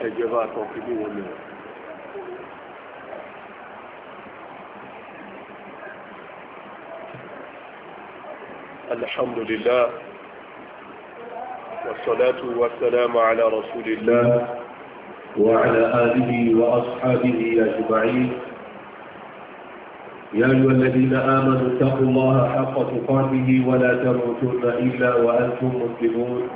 الحمد لله والصلاة والسلام على رسول الله وعلى آله وأصحابه أجمعين يا أيها الذين آمنوا اتقوا الله حق تقاته ولا تموتن إلا وأنتم مسلمون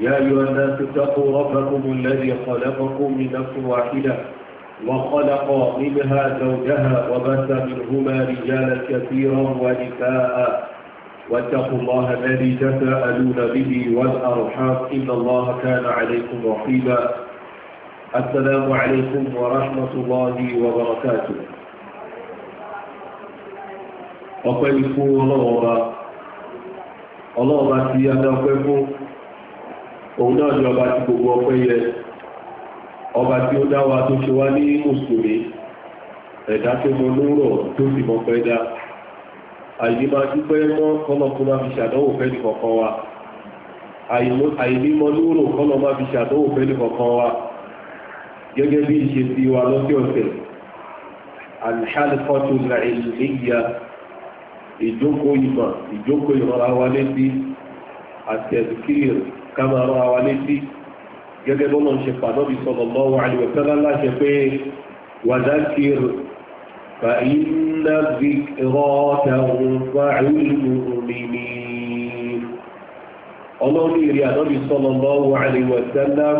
يا أيها الناس اتقوا ربكم الذي خلقكم من نفس واحدة وخلق منها زوجها وبث منهما رجالا كثيرا ونساء واتقوا الله الذي تساءلون به والأرحام إن الله كان عليكم رحيما السلام عليكم ورحمة الله وبركاته ọpẹ́ ikú ọlọ́wọ́ ọba ọlọ́wọ́ ọba ti pẹ́ fún òun náà ni ọba tí gbogbo ọpẹ́ yẹ ọba tí ó dá wa tó ṣe wá ní mùsùlùmí ẹ̀dá tó mọ lóòrọ̀ tó sì mọ pẹ́ dá àyè máa dúpẹ́ mọ́ kọ́lọ́kú máa fi ṣàdánwò fẹ́ni kọ̀ọ̀kan wa àyè mọ́ lóòrọ̀ kọ́lọ́ máa fi ṣàdánwò fẹ́ni kọ̀ọ̀kan wa gẹ́gẹ́ bí ìṣe ti wa lọ́sẹ̀ ọ̀sẹ̀ alhalqatu al-ilmiyya ìjókòó ìmọ̀ ìjókòó ìrọ̀ra wa létí kama rán àwa létí gẹ́gẹ́ bọ́lá ń ṣe pàdánù sallallahu alaihi wa sallam láṣẹ pé wàdákìr fa inna dhikra tanfa'ul mu'minin ọlọ́run ìrì àdánù sallallahu alaihi wa sallam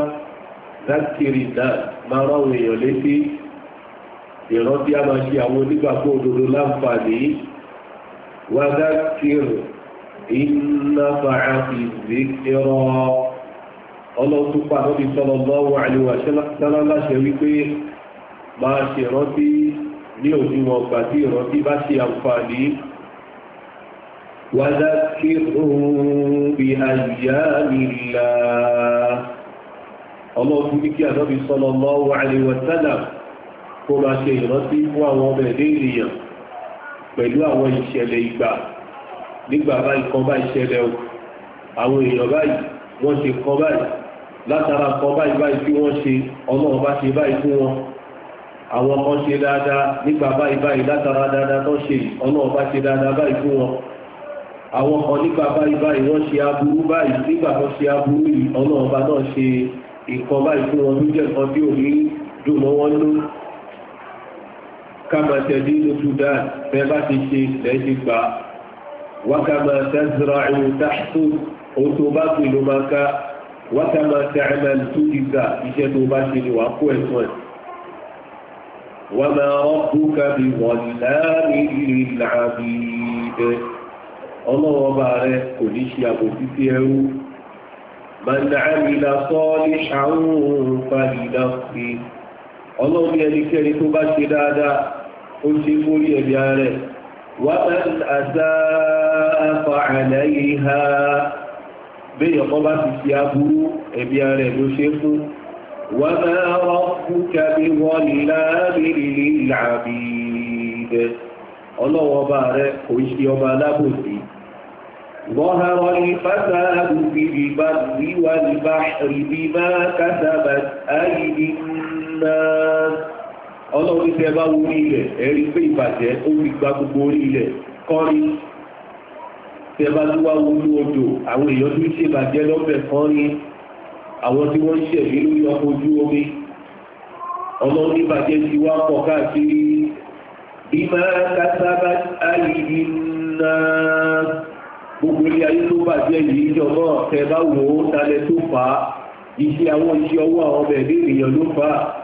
dákìrì náà máa rán àwọn a máa ṣe àwọn onígbàgbọ́ òdodo láǹfààní wàdákìr إنفعت الذكرى ọlọ́run tó pàdé bí sọ́lọ́ lọ́wọ́ àlewà sẹ́lá láṣẹ wípé máa ṣe rántí ní òdiwọ̀n ọgbà tí ìrántí bá ṣe àǹfààní wàdá kí òun bí àyà nìlá ọlọ́run tó ní kí àdọ́bí sọ́lọ́ lọ́wọ́ àlewà sẹ́lá kó máa ṣe ìrántí fún àwọn ọmọ ẹ̀dẹ́ ènìyàn pẹ̀lú àwọn ìṣẹ̀lẹ̀ ìgbà nígbà báyìí kan báyìí ṣẹlẹ̀ o àwọn èèyàn báyìí wọ́n ṣe kan báyìí látara kan báyìí báyìí tí wọ́n ṣe ọlọ́run bá ṣe báyìí fún wọn àwọn kan ṣe dáadáa nígbà báyìí báyìí látara dáadáa tó ṣe ọlọ́run bá ṣe dáadáa báyìí fún wọn àwọn kan nígbà báyìí báyìí wọ́n ṣe aburú báyìí nígbà tó ṣe aburú yìí ọlọ́run bá náà ṣe nǹkan báyìí fún wọn ló jẹ́ tí ò dùn mọ́ wọn ló ká máa lóṣù dáa bẹ́ẹ̀ bá ti ṣe lẹ́ẹ̀ gbà وكما تزرع تحصد òtòbáṣe ló máa ká wákàmá tẹ̀rẹ̀mà lùtùdìgbà iṣẹ́ tó bá ṣe ni wà kó ẹ̀sùn ẹ̀ wà máa rọ́pù kábi wọ̀nyí láàrin ìrì làbí ẹ̀ ọlọ́wọ́ bá rẹ kò ní ṣe àbò títí ẹrú màndàmìlà sọ́ọ́lì àwọn fàlìlà fi ọlọ́run ẹnikẹ́ni tó bá ṣe dáadáa ó ṣe mórí ẹ̀mí ara rẹ̀ ومن أساء فعليها بين قبا تسيابه ابيان يشف وما ربك بظلام للعبيد الله وبارك وشي وما لابد ظهر الفساد في البر والبحر بما كسبت أيدي الناس ọlọ́run tẹ bá wú ní ilẹ̀ ẹ̀rí pé ìbàjẹ́ ó fi gba gbogbo orí ilẹ̀ kọ́rí tẹ bá tó wá wú ní odò àwọn èèyàn tó ń ṣe ìbàjẹ́ lọ́bẹ̀ kọ́rí àwọn tí wọ́n ń ṣẹ̀mí lórí ọkọ̀ ojú omi ọlọ́run ìbàjẹ́ ti wá pọ̀ káàkiri bí máa kásábà áyìí náà gbogbo ilé ayé tó bàjẹ́ yìí jọ̀mọ́ tẹ bá wò ó talẹ̀ tó fà á iṣẹ́ àwọn iṣẹ́ ọwọ́ àwọn ọmọ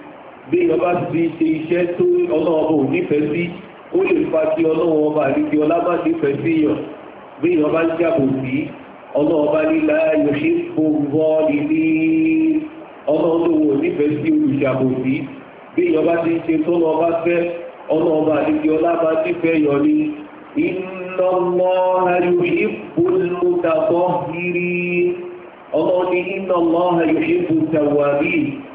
bí ọba ti ṣe iṣẹ́ tó ọlọ́wọ́ ò nífẹ̀ẹ́ sí ó lè fa ti ọlọ́wọ́ ọba àdídí ọlábà nífẹ̀ẹ́ sí yàn bí ọba ń jàbò sí ọlọ́wọ́ bá nílá yòṣí gbogbo ìní ọlọ́wọ́ ò nífẹ̀ẹ́ sí olùjàbò sí bí ọba ti ṣe tó lọ́ba fẹ́ ọlọ́wọ́ àdídí ọlábà nífẹ̀ẹ́ yàn ni iná lọ́ha yòṣí gbogbo ọlọ́wọ́ ní iná lọ́ha yòṣí gbogbo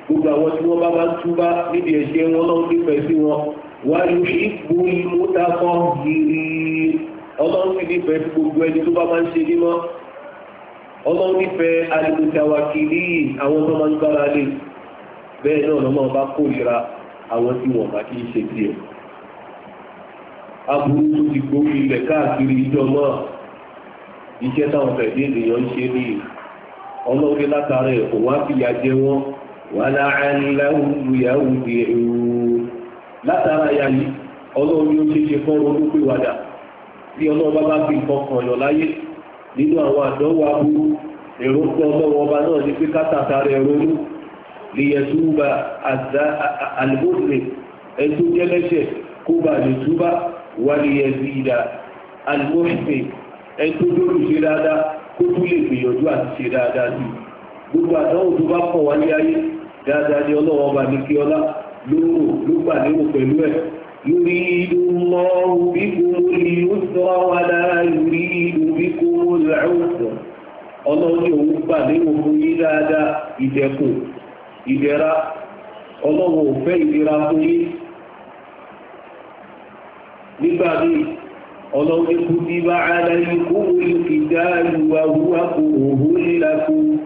gbogbo àwọn tí wọ́n bá bá túbá níbi ẹ̀ṣẹ̀ wọn lọ́wọ́ nífẹ̀ẹ́ sí wọn wá yóò ṣe ipò ìmútakọ́ yìí ọlọ́run sì nífẹ̀ẹ́ sí gbogbo ẹni tó bá máa ń ṣe mímọ́ ọlọ́run nífẹ̀ẹ́ alìmùtàwàkìlì àwọn tó máa ń gbára lé bẹ́ẹ̀ náà lọ́mọ bá kórìíra àwọn tí wọ́n bá kí í ṣe tiẹ̀ aburú tó ti gbórí ilẹ̀ káàkiri ìjọ náà iṣẹ́ táwọn fẹ̀dí ènìyàn ń ṣe nìyí ọlọ́run látara ẹ̀ wá fìyà jẹ wọ́n ولعلهم يرجعون látara ya yìí ọlọ́run yóò ṣe ṣe fọ́rọ̀ olúpẹ̀ wàdà bí ọlọ́run bá bá fi nǹkan kan yàn láyé nínú àwọn àdánwò aburú èrò ń pọ̀ ọlọ́run ọba náà ní pé kátàkà rẹ̀ ronú lìyẹ̀túbà àdá àlùbọ́sẹ̀ ẹ̀tún jẹ́lẹ́ṣẹ̀ kó bá lè túbà wà lìyẹ̀sì àlùbọ́sẹ̀ ẹ̀tún lórí ṣe dáadáa kó tún lè gbìyànjú àti ṣe dáadáa sí gbogbo àdánwò tó bá pọ̀ wá ayé dáadáa ni ọlọ́wọ́ bá ní kí ọlá lóró ló gbà lérò pẹ̀lú ẹ̀ lórí ìlú mọ́ òbí kò lè ó sọ wà láàárí òbí kò làwùsọ ọlọ́run òun gbà lérò fún yín dáadáa ìdẹ̀kùn ìdẹ̀ra ọlọ́run ò fẹ́ ìdẹ̀ra fún yín nígbà míì ọlọ́run kò ti bá ara kó o ìwà òwúwà kò òhún lílà fún un.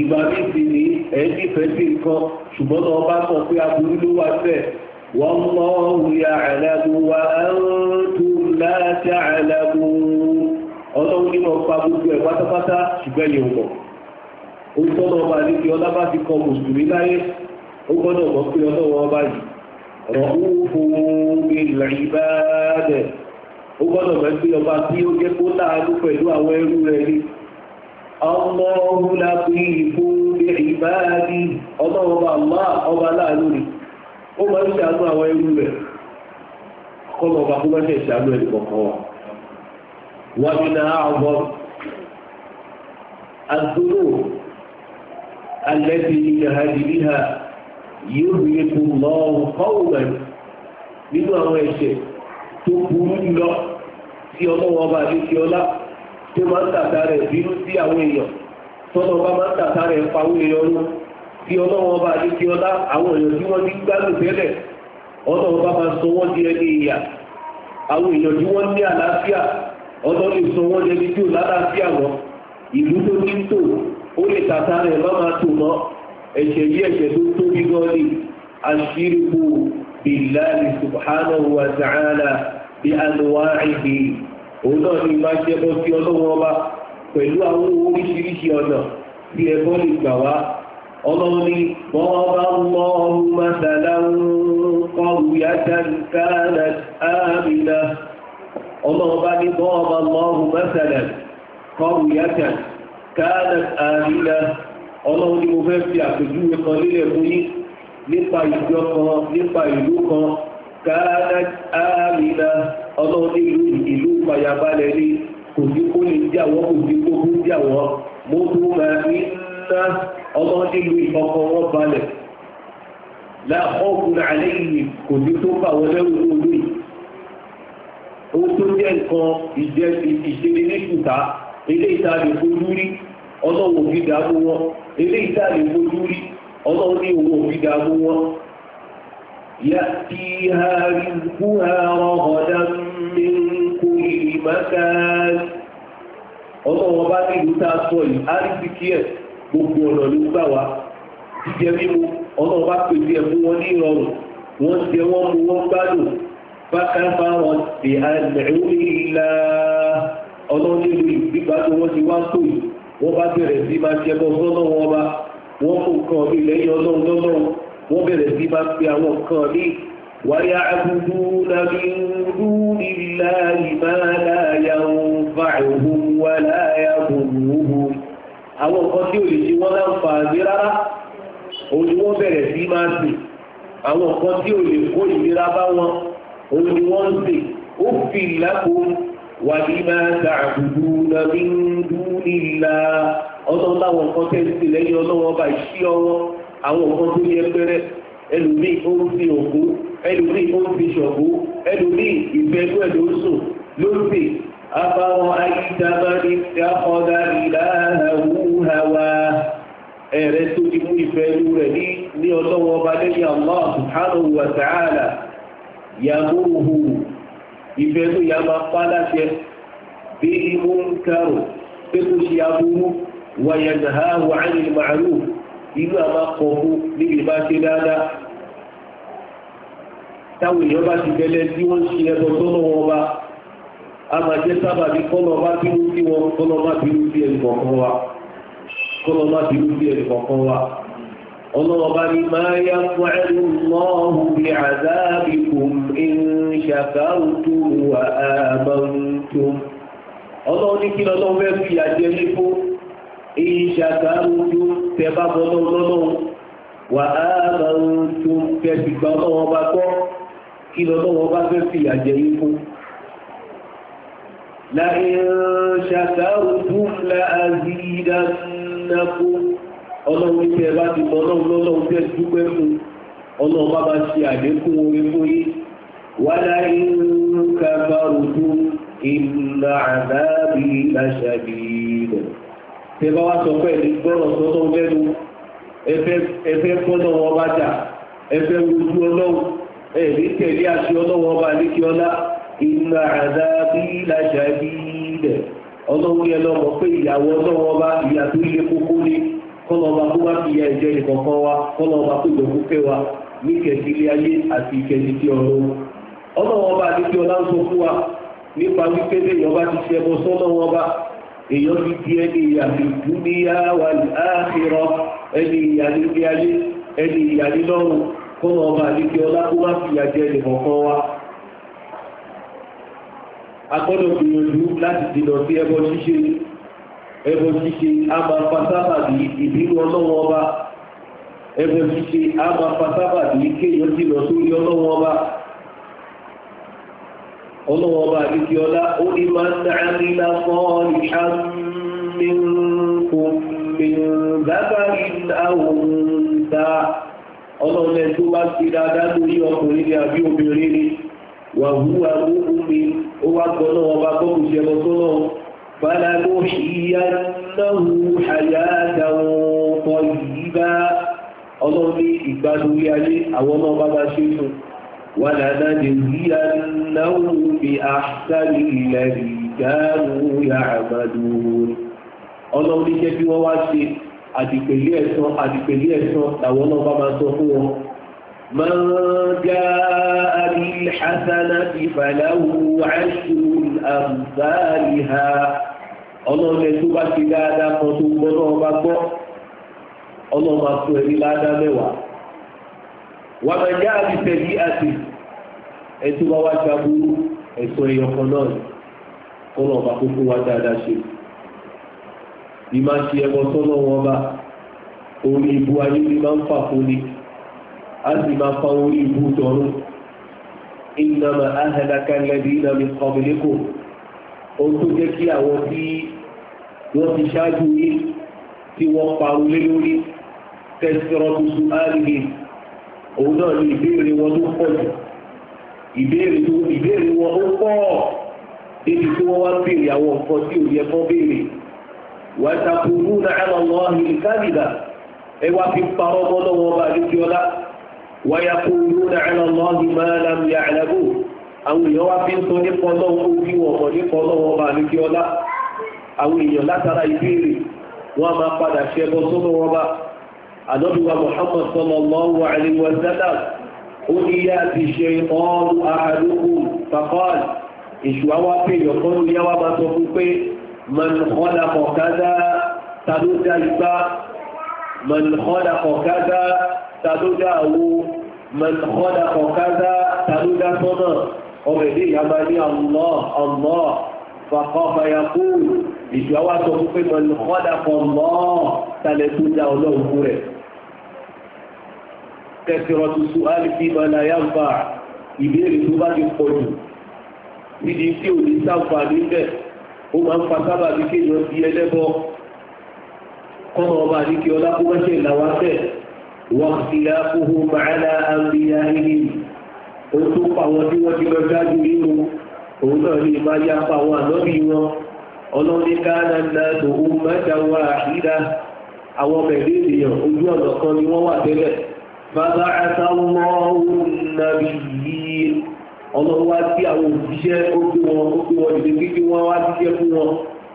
ìgbà mi sì ní ẹ̀ẹ́dì fẹ́ sí nǹkan ṣùgbọ́n náà bá mọ̀ pé aburú ló wá fẹ́ wọ́n mọ́ òyà àlàbù wa ẹ̀rọ̀tù láti àlàbù ọlọ́run ní wọn pa gbogbo ẹ̀ pátápátá ṣùgbẹ́ ni wọn ó tọ́nà ọba ní kí ọlá bá ti kọ mùsùlùmí láyé ó gbọ́dọ̀ mọ̀ pé ọlọ́run ọba yìí rọ̀hún ìlànà ìbáàdẹ̀ ó gbọ́dọ̀ mọ̀ pé ọba tí ó jẹ́ kó láàánú pẹ̀lú àwọn ẹrú rẹ̀ ni Allahu latifun bi'ibadi ọlọ́run ọba Allah ọba láàánú rí ó máa ń ṣàánú àwọn ẹrú rẹ̀ kọ́lọ̀ ọba kó máa ṣe ìṣàánú ẹni kọ̀ọ̀kan wa wà ní náà àwọ̀ àdúró alẹ́bí ìhàdìríhà yóò rí epo lọ́wọ́ kọ́wọ̀mẹ̀ nínú àwọn ẹ̀ṣẹ̀ tó burú lọ sí ọlọ́wọ́ ọba àdékíọlá tí ma máa ń tàta rẹ̀ bínú sí àwọn èèyàn tọ́nà bá ma ń tàta rẹ̀ pawó èèyàn lọ tí ọlọ́wọ́n bá ní kí ọlá àwọn èèyàn tí wọ́n ti gbádùn tẹ́lẹ̀ ọlọ́wọ́n bá máa sọ wọ́n di ẹni ìyà àwọn èèyàn tí wọ́n ní àlàáfíà ni àṣírí subhanahu wa ta'ala òun náà ni máa jẹ́ bọ́ sí ọlọ́wọ́ ọba pẹ̀lú àwọn oríṣiríṣi ọ̀nà tí ẹbọ lè gbà wá ọlọ́run ni wọ́n bá mọ ọmọ mẹ́tàlá ń kọ́ ìyá dáadáa àmìnà ọlọ́run bá ní wọ́n bá ọmọ mẹ́tàlá kọ́ ìyá dáadáa àmìnà ọlọ́run ni mo fẹ́ fi àpèjúwe kan lílẹ̀ fún yín nípa ìjọ kan nípa ìlú kan káàdà àmìnà ọlọ́run ní ìlú fàyàbalẹ̀ ní kò sí kó lè jà wọ́n kò sí kó kó jà wọ́n mo tún máa ní ná ọmọ nílùú ìkọkọ wọn balẹ̀ láàkọ́kùn àlẹ́ yìí kò sí tó bà wọ́n lẹ́rù lórí ó tó jẹ́ nǹkan ìjẹ́ ìṣeré ní kùtà ilé ìtàlẹ̀ fojú rí ọlọ́wọ́ fi dààmú wọn ilé ìtàlẹ̀ fojú rí ọlọ́wọ́ ní owó fi dààmú wọn yá ti ha rí kú ha wọn bá ní ìlú tá a sọ yìí áríṣì kí ẹ̀ gbogbo ọ̀nà ló gbà wá jíjẹ mímu ọ̀nà bá pèsè ẹ̀ fún wọn ní ìrọ̀rùn wọ́n jẹ wọ́n mu wọ́n gbádùn fákàfà wọn ti àìmẹ̀rún ìlà ọ̀nà nílùú ìgbà tó wọ́n ti wá tó yìí wọ́n bá bẹ̀rẹ̀ sí máa jẹ bọ́ sọ́nà wọn bá wọ́n kò kàn mí lẹ́yìn ọlọ́run lọ́lọ́run wọ́n bẹ̀rẹ̀ sí máa pe àwọn kan ní ويعبدون من دون الله ما لا ينفعهم ولا يضرهم àwọn nǹkan tí ò lè ṣe wọ́n láǹfààní rárá òun ni wọ́n bẹ̀rẹ̀ sí máa sè àwọn nǹkan tí ò lè kó ìlera bá wọn òun ni wọ́n ń sè ó fi ìlàkó wà ní máa dàbùdù nàbí dúnilá ọlọ́run láwọn nǹkan tẹ́ ń sè lẹ́yìn ọlọ́wọ́ bá ìṣí ọwọ́ àwọn nǹkan tó yẹ pẹ́rẹ́ ẹlòmíì ó ń sin òkú ẹlòmí ó ń fi ṣọ̀bú ẹlòmí ìfẹ́lú ẹ̀ ló ń sùn ló ń pè afáwọn ayíjábárí dákọ́dá ìdáhàwúhàwá ẹ̀rẹ́ tó ti mú ìfẹ́lú rẹ̀ ní ọlọ́wọ́ ọba lẹ́yìn Allah subhanahu wa ta'ala yàmóhù ìfẹ́lú yà máa pa láṣẹ bí ń kárò pé kò ṣe aburú wàyẹ̀dàhà wàhálì inú àmà kọ̀ọ̀kú níbi ìbáṣe dáadáa táwọn èèyàn bá ti bẹ̀lẹ̀ tí wọ́n ṣe ẹbọ tọ́nà wọn bá a máa jẹ́ sábà bí kọ́nà bá bínú sí wọn kọ́nà má bínú sí ẹnì kọ̀ọ̀kan wa kọ́nà má bínú sí ẹnì kọ̀ọ̀kan wa ọlọ́wọ́ bá ní máa yá fún ẹnu lọ́hùn bí àdáàbìkùn ìṣàkáwùtù wà àmàǹtò ọlọ́wọ́ ní kí lọ́lọ́wọ́ fẹ́ fi àjẹ́ lépo ìṣàkáwùtù tẹ bá bọ́ lọ́wọ́ wà àmàǹtò tẹ sì gbà bá gbọ́ kí lọ́lọ́wọ́ bá fẹ́ fi àjẹ yí fún láàrín ṣàkàrùn-ún láàzídánnákú ọlọ́run tí ẹ bá ti mọ ọlọ́run lọ́lọ́run tẹ́ dúpẹ́ fún ọlọ́run bá bá ṣe àdékún orí fún yí wà láàrín kàbàrùn-ún ìlà wá sọ pé ẹni gbọ́rọ̀ sọ́lọ́run lẹ́nu ẹfẹ́ kọ́lọ́run ọbájà ẹfẹ́ wojú ọlọ́run ẹ̀rí tẹ̀lé àti ọlọ́wọ́ ọba lékè ọlá inna àdábí làṣàbí ilẹ̀ ọlọ́wọ́ yẹn lọ́mọ pé ìyàwó ọlọ́wọ́ ọba ìyà tó yẹ kókó ni kọ́lọ́ ọba kó wá fi ya ẹ̀jẹ̀ nìkankan wa kọ́lọ́ ọba kó jọ kókẹ́ wa ní kẹ̀sí ilé ayé àti ìkẹ̀sí ti ọ̀run ọlọ́wọ́ ọba lékè ọlá ń sọ fún wa nípa wípé lẹ́yìn ọba ti ṣẹbọ sọ́lọ́wọ́ ọba èèyàn ti di ẹni ìyàlè dúníyà wal ákhírà ẹni ìyàlè ilé ayé ẹni ìyàlè lọ́run kọ́nà ọba àdíkẹ́ ọlá kó wá fi àjẹ́ ìmọ̀kan wa agbọ́dọ̀ gbìyànjú láti dìnà sí ẹbọ ṣíṣe ẹbọ ṣíṣe a máa ìbínú ọlọ́wọ́ ọba ẹbọ ṣíṣe a máa fa sábàbí kéèyàn sórí ọlọ́wọ́ ọba ọlọ́wọ́ ọba àdíkẹ́ ọlá ó ní máa ń dáa nílá fọ́ọ̀lì àmì ń kò mìíràn dábàá ìlà òun dáa ọlọ́ọ̀lẹ́ tó bá ti dáadáa lórí ọkùnrin ní àbí obìnrin ni wà wúwa wúwú mi ó wá gbọ́ náà ọba bọ́ọ̀lù jẹun tó náà fàlà ló ṣìyá náà àyà ọkọ̀ yìí bá ọlọ́run ìgbàlórí ayé àwọn náà bá ṣe fún wà dáadáa lè rí àdáwọn bí wọ́n àdìpèlé ẹ̀sán àdìpèlé ẹ̀sán làwọn náà bá máa sọ fún wọn. من جاء بالحسنة فله عشر أمثالها ọlọ́run ẹni tó bá ti dáadáa kan tó gbọ́ náà bá gbọ́ ọlọ́run máa fún ẹni ládàá mẹ́wàá wà máa já àbí tẹ̀lé àti ẹni bá wá ṣàbúrú ẹ̀sọ́ ẹ̀yọkan náà kọ́ náà bá kó dáadáa ṣe ìmá ṣe ẹbọ sọ́nà wọn bá orí ibu ayé ni máa ń fà fún ni a sì máa fa orí ibu tọrún innama ahlaka alladhina min qablikum ohun tó jẹ́ kí àwọn tí wọ́n ti ṣáájú yìí tí wọ́n parun lé lórí tẹ̀sírọ̀ tuntun áàlì òun náà ni ìbéèrè wọn tó pọ̀ jù ìbéèrè tó ìbéèrè wọn ó pọ̀ débi tí wọ́n wá béèrè àwọn nǹkan tí ò yẹ kán béèrè wàtàkùnrùnà àlọ́lọ́hìn ìkádìdà ẹ wá fi parọ́ mọ́lọ́wọ́ bá adéjọ́lá wàyàkùnrùnà àlọ́lọ́hìn mẹ́lẹ́mú yàrá-bò àwọn èèyàn wá fi ń sọ nípa ọlọ́wọ́ orí wọ̀mọ̀ nípa ọlọ́wọ́ bá adéjọ́lá àwọn èèyàn látara ìbéèrè wọ́n máa padà ṣẹbọ sọ́lọ́wọ́ bá àdọ́dúwà Muhammad sallallahu alaihi wa sallam ó ní yá ti ṣe ọ́ọ́lù àhàdùkù fàkọ́ọ̀lù ìṣùwáwá من خلق كذا تدودا إبا من خلق كذا تدودا أو من خلق كذا تدودا صنع وبدي يمني الله الله فقام يقول ìṣọ́wá sọ fún pé mọ̀lù kọ́dà kan mọ́ tàlẹ̀ tó dá ọlọ́run fún rẹ̀. kẹsìrọ̀ tuntun alifi mọ̀lá yàmbá ìbéèrè tó bá ti pọ̀ jù nídìí tí ò ní sáǹfà níbẹ̀ ó máa ń fa sábà bí kéèyàn di ẹlẹ́bọ kọ́nà ọba àdíkè ọlá kó má ṣe ìlàwọ́ afẹ́ wọ́n ti yá kóhó màálà àbíyá ìlú òun tó pa àwọn tí wọ́n ti lọ dájú nínú òun náà lè máa yá pa àwọn ànábì wọn ọlọ́ni káàdà náà tó ó mẹ́ta wá àìdá àwọn mẹ̀lẹ́ ènìyàn ojú ọ̀nà kan ni wọ́n wà tẹ́lẹ̀ bàbá àtàwọn ọ̀hún nàbì ọlọ́run wá sí àwọn òṣìṣẹ́ ó gbé wọn ó gbé wọn dìde kíkí wọn wá ṣiṣẹ́ fún wọn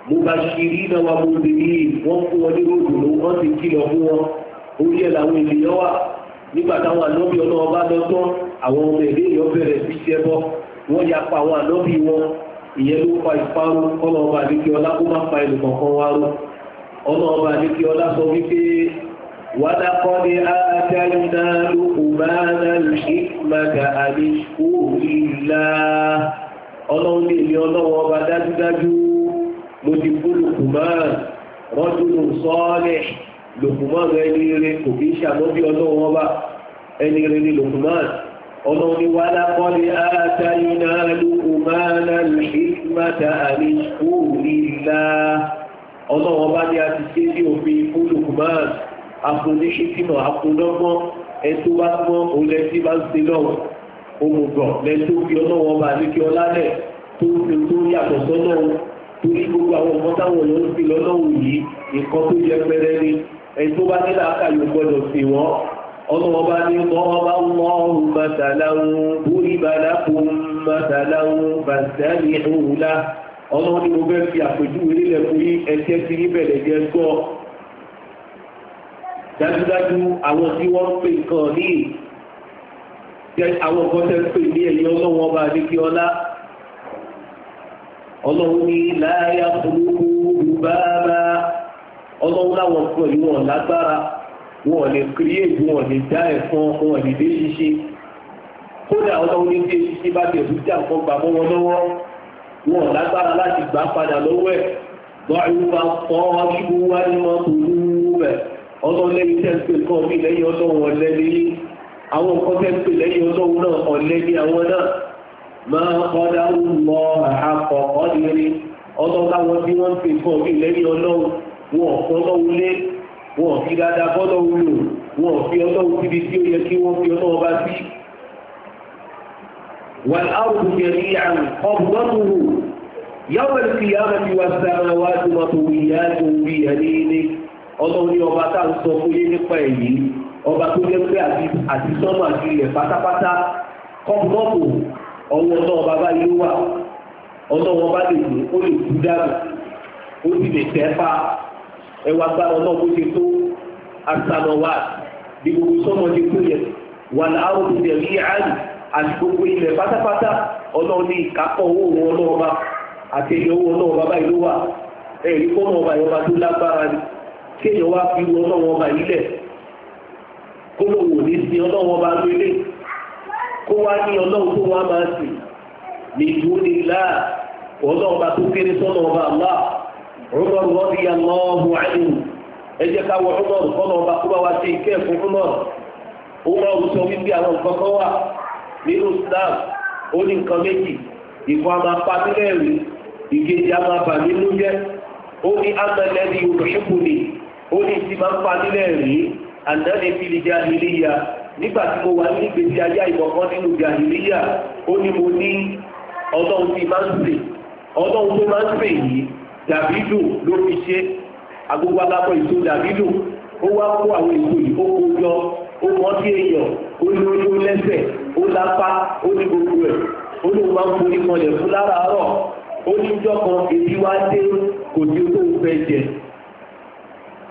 mo bá ṣìírí náà wá mo lè rí wọn fún wọn ní ròdò ló wọn ti kìlọ̀ fún wọn orí ẹ̀ làwọn ènìyàn wà nígbà táwọn ànábì ọlọ́run bá lọ tán àwọn ọmọ ẹ̀dẹ́ èèyàn bẹ̀rẹ̀ sí iṣẹ́ bọ́ wọ́n ya pa àwọn ànábì wọn ìyẹn ló fa ìparun kọ́nà ọba àdékè kó má pa ẹnì kọ̀ọ̀kan wá rú ọlọ́ọba àdékè ọlá sọ wípé ولقد آتَيْنَا لقمان الحكمة أن اشكر لله ọlọ́run ní èmi ọlọ́run ọba dájúdájú mo ti fún Luqman rọ́dúnù sọ́ọ́lẹ̀ Luqman ẹni rẹ kò kí ń ṣàmọ́bí ọlọ́run ọba ẹni rẹ ní Luqman ọlọ́run ní wà lápọ́lì átàyínà Luqman al-hikmata an ishkur lillah ọlọ́run ọba akuniṣẹ́kìmọ̀ akunọ́gbọ́n ẹtú wá gbọ́n olẹ́tí bá ń ṣe lọ́wọ́ òmùgọ̀ lẹ́tú fi ọlọ́wọ́ bá ní kí ọlá lẹ̀ tó fi tó o sọ́nà torí gbogbo àwọn ọmọ táwọn ló ń fi lọ́lọ́wọ́ yìí nǹkan tó yẹ pẹrẹ ni ẹtú bá nílà káyọ̀ gbọ́dọ̀ sí wọn ọlọ́wọ́ bá ní ọba wọ́n mọ́tàláwọ́ orí bàdákùn mọ́tàláwọ́ bàtàlì ọ̀húnlá ọlọ́wọ́ ni mo fẹ́ fi àpèjúwe nílẹ̀ fún yí ẹtẹ́ sí níbẹ̀lẹ̀ jẹ́ dájúdájú àwọn tí wọ́n ń pè nǹkan ní àwọn kan tẹ́ ń pè ní ẹ̀yìn ọlọ́run ọba àdékí ọlá ọlọ́run ní láyà burúkú rúbáàbá ọlọ́run láwọn kan yìí wọ́n lágbára wọ́n lè kírìyèjì wọ́n lè dá ẹ̀fọn wọ́n lè dé ṣíṣe kódà ọlọ́run ní bí ṣíṣe bá bẹ̀rù jà kan gbà mọ́ wọn lọ́wọ́ wọ́n lágbára láti gbà padà lọ́wọ́ ẹ̀ lọ́ọ́ ọlọ́lẹ́ni tẹ́ ń pè kọ́ mí lẹ́yìn ọlọ́run ọ̀lẹ́ni yìí àwọn nǹkan tẹ́ ń pè lẹ́yìn ọlọ́run náà ọ̀lẹ́ni àwọn náà máa kọ́dá ń lọ àkọ́ ọ̀dìrí ọlọ́láwọn tí wọ́n ń kọ́ mí lẹ́yìn ọlọ́run wọn ọ̀kọ́ lọ́wọ́ lé wọn fi dáadáa bọ́ lò wọ́n fi ọlọ́run ọlọ́run ní ọba tá à ń sọ fún yé nípa èyí ọba tó jẹ́ pé àti sọ́nà àti ilẹ̀ pátápátá kọ́pùkọ́pù ọwọ́ ọlọ́run bàbá yìí wà ọlọ́run bá lè mú ó lè kú dànù ó sì lè tẹ́ pa ẹwà gba ọlọ́run bó ṣe tó àtàlọ́ wa bí gbogbo sọ́nà ti kú yẹ wà láàrú ti dẹ̀ rí àrùn àti gbogbo ilẹ̀ pátápátá ọlọ́run ní ìkápọ̀ owó òun ọlọ́run àti ẹ̀yọ owó ọlọ́run bàbá yìí wà ẹ̀rí fọ́nà ọba ìyọba kéèyàn wá fi wọ ọlọ́wọ́ ọba ilẹ̀ kó ló wò ní sí ọlọ́wọ́ ọba lélẹ̀ kó wá ní ọlọ́wọ́ tó wá máa sì ní ìlú nílá ọlọ́wọ́ bá tó kéré sọ́nà ọba àlá Umar radiyallahu anhu ẹ jẹ́ ká wọ Umar sọ́nà ọba kó bá wá sí ìkẹ́ fún Umar Umar sọ wípé àwọn nǹkan kan wà nínú Islam ó ní nǹkan méjì ìfọ̀ àmà pàmílẹ̀ ìkejì àmà bàmí ló ó ní àmà lẹ́ni olùṣèkùnrin ó ní ti máa ń pa nílẹ̀ rí àdáni fìlì jahiliya nígbà tí mo wà ní ìgbésí ayé àìmọ̀kan nínú jahiliya ó ní mo ní ọlọ́run ti máa ń sè ọlọ́run tó máa ń sè yìí dàbídò ló fi ṣe agbogbo alábọ̀ èso dàbídò ó wá kó àwọn èso yìí ó kó jọ ó mọ́ sí èèyàn ó ní ojú lẹ́sẹ̀ ó lápá ó ní gbogbo ẹ̀ ó lóun máa ń forí kanlẹ̀ fún láràárọ̀ ó ní ìjọ kan èyí wá dé kò ní o tó fẹ́ jẹ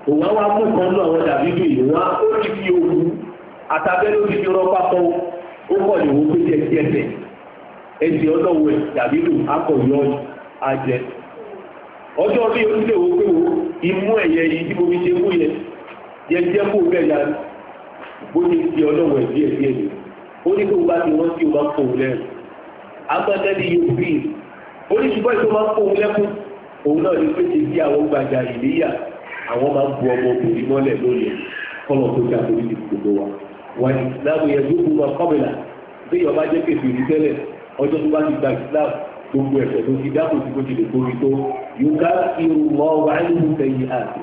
òun á wá mú kan náà àwọn dàbí bí ìlú wá ó ti fi òwú àtàbẹ́ ló ti fi rọ́ pápọ̀ ó kọ̀ lè wo pé díẹ̀ sí ẹsẹ̀ ẹsẹ̀ ọlọ́wọ́ ẹ̀ dàbí lù akọ̀yọ́ ajẹ ọjọ́ bí o lè wo pé wo imú ẹ̀yẹ yìí tí mo fi ṣe fún yẹ jẹ jẹ́ kó bẹ́ẹ̀ ya bó ti fi ọlọ́wọ́ ẹ̀ díẹ̀ díẹ̀ ni ó ní kó bá ti wọ́n tí o bá fòun lẹ́rù agbẹ́jẹ́ ni yóò fi ó ní máa ń fòun lẹ́kùn òun náà ní pé ti di àwọn gbàjà ìléyà àwọn máa ń bu ọmọ obìnrin mọ́lẹ̀ lórí ẹ̀ kọ́lọ̀ tó dá lórí ìgbòho wa wà ní ìsìláàmù yẹn lókun máa kọ́bìlà bí yọba jẹ́ kéfì rí tẹ́lẹ̀ ọjọ́ tó bá ti gba ìsìláàmù gbogbo ẹ̀sẹ̀ tó ti dáàbò tí kò ti lè borí tó yóká irun mọ́ wa nínú sẹ́yìn àti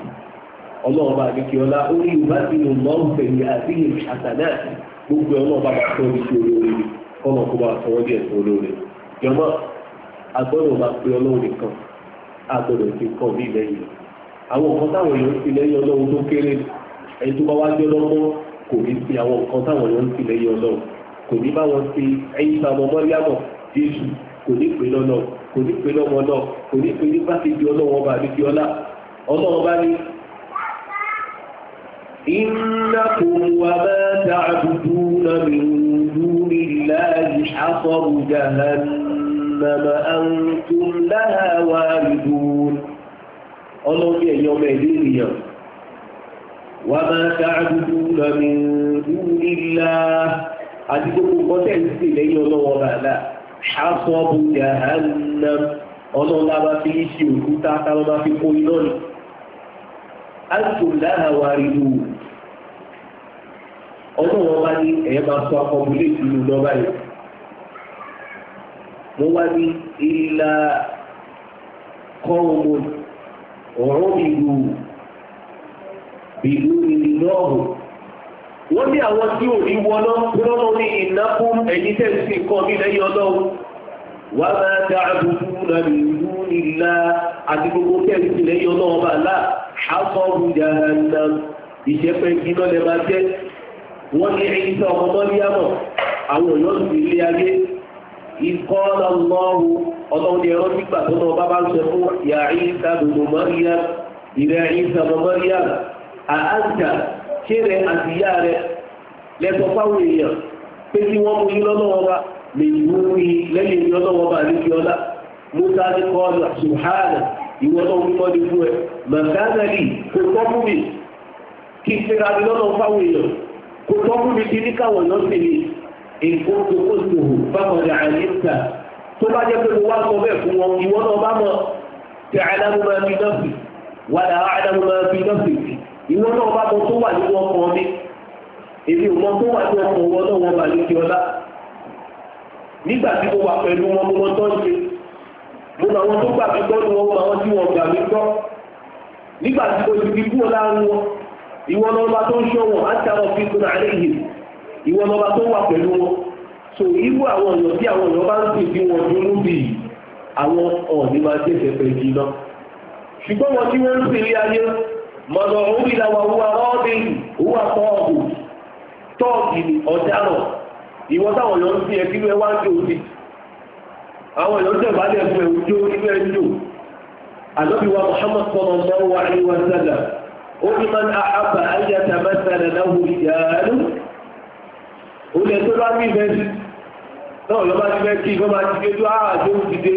ọlọ́ọ̀bá àdékíọ́lá ó ní yorùbá ti nù mọ́ sẹ́yìn àti àtàná gbogbo ọlọ́ọ̀bá àwọn nǹkan táwọn èèyàn ti lẹ́yìn ọlọ́run tó kéré ẹni tó bá wá jẹ́ ọlọ́pọ́ kò ní ti àwọn nǹkan táwọn èèyàn ti lẹ́yìn ọlọ́run kò ní bá wọn ti ẹyin ta ọmọ mọ́ríàmọ̀ jésù kò ní pè lọ́nà kò ní pè lọ́mọ náà kò ní pè ní bákejì ọlọ́wọ́n bá àbíkí ọlá ọlọ́wọ́n bá ní. إنكم وما تعبدون من دون الله حصب جهنم أنتم لها واردون ọlọ́bí ẹ̀yọ́ ọmọ ẹ̀dẹ́ ènìyàn wà máa ta'buduna min dunillah àti gbogbo kọ́tẹ́ ń sì lẹ́yìn ọlọ́wọ́ bàbá hasabu jahannam ọlọ́lá bá fi ṣe òkúta táwọn bá fi kó iná ni antum laha waridun ọdún wọn wá ní ẹ̀yẹ́ máa sọ akọbulé ìlú lọ́ba yìí wọ́n wá ní illa qawmun ọ̀rọ̀ ìlú ìlú ìlọ́ọ̀rù wọ́n ní àwọn tí ò ní wọná lọ́nà ní ìnákún ẹni tẹ́sí nǹkan ní lẹ́yìn ọlọ́run wà máa dá àbùkù náà ìlú nílá àti gbogbo tẹ́sí lẹ́yìn ọlọ́run bá lá àkọ́rù jàǹdà ọlọ́run ni ẹ̀rọ nígbà tó náà bá bá ń sọ fún ya Isa bùnú mọ́ríyá ìrẹ́ Isa bùnú mọ́ríyá àáńtà ṣé rẹ àti ìyá rẹ lẹ́sọ fáwọn èèyàn pé kí wọ́n mú yín lọ́lọ́wọ́ bá lè mú yí lẹ́yìn yín lọ́lọ́wọ́ bá níbi ọlá Musa tó bá jẹ́ pé mo wá sọ bẹ́ẹ̀ fún wọn ìwọ náà bá mọ̀ tẹ àdámù máa fi dọ́sì wàdà àdámù máa fi dọ́sì ìwọ náà bá mọ̀ tó wà nínú ọkọ̀ mi èmi ò mọ̀ tó wà nínú ọkọ̀ wọn náà wọn bà lókè ọlá nígbà tí mo wà pẹ̀lú wọn mo mọ tó ṣe mo mọ àwọn tó gbà mí gbọ́ ni wọn mọ àwọn tí wọn gbà mí gbọ́ nígbà tí mo ti fi kú ọ láàrin wọn ìwọ náà bá tó ń ṣọ wọn àwọn fi àlẹ́ yìí ìwọ náà bá tó wà pẹ̀lú wọn. so irú àwọn èèyàn tí àwọn èèyàn bá ń pè bí wọn dúró bí àwọn ọ̀nì máa ṣe fẹ̀fẹ̀ jì lọ ṣùgbọ́n wọn tí wọ́n ń pè ní ayé mọ̀nà òun ìlàwọ̀ òwúwa rọ́ọ̀dì òwúwa tọ́ọ̀bù tọ́ọ̀bì ọ̀daràn ìwọ táwọn èèyàn ń fi ẹbí rẹ wá ń jò sí àwọn tẹ̀ wa Muhammad sallallahu alaihi wa sallam ó ní máa ń ayé náà wù ìyá náà lọ bá ti fẹ́ kí ìfẹ́ bá ti dé tó áà tó ń ti dé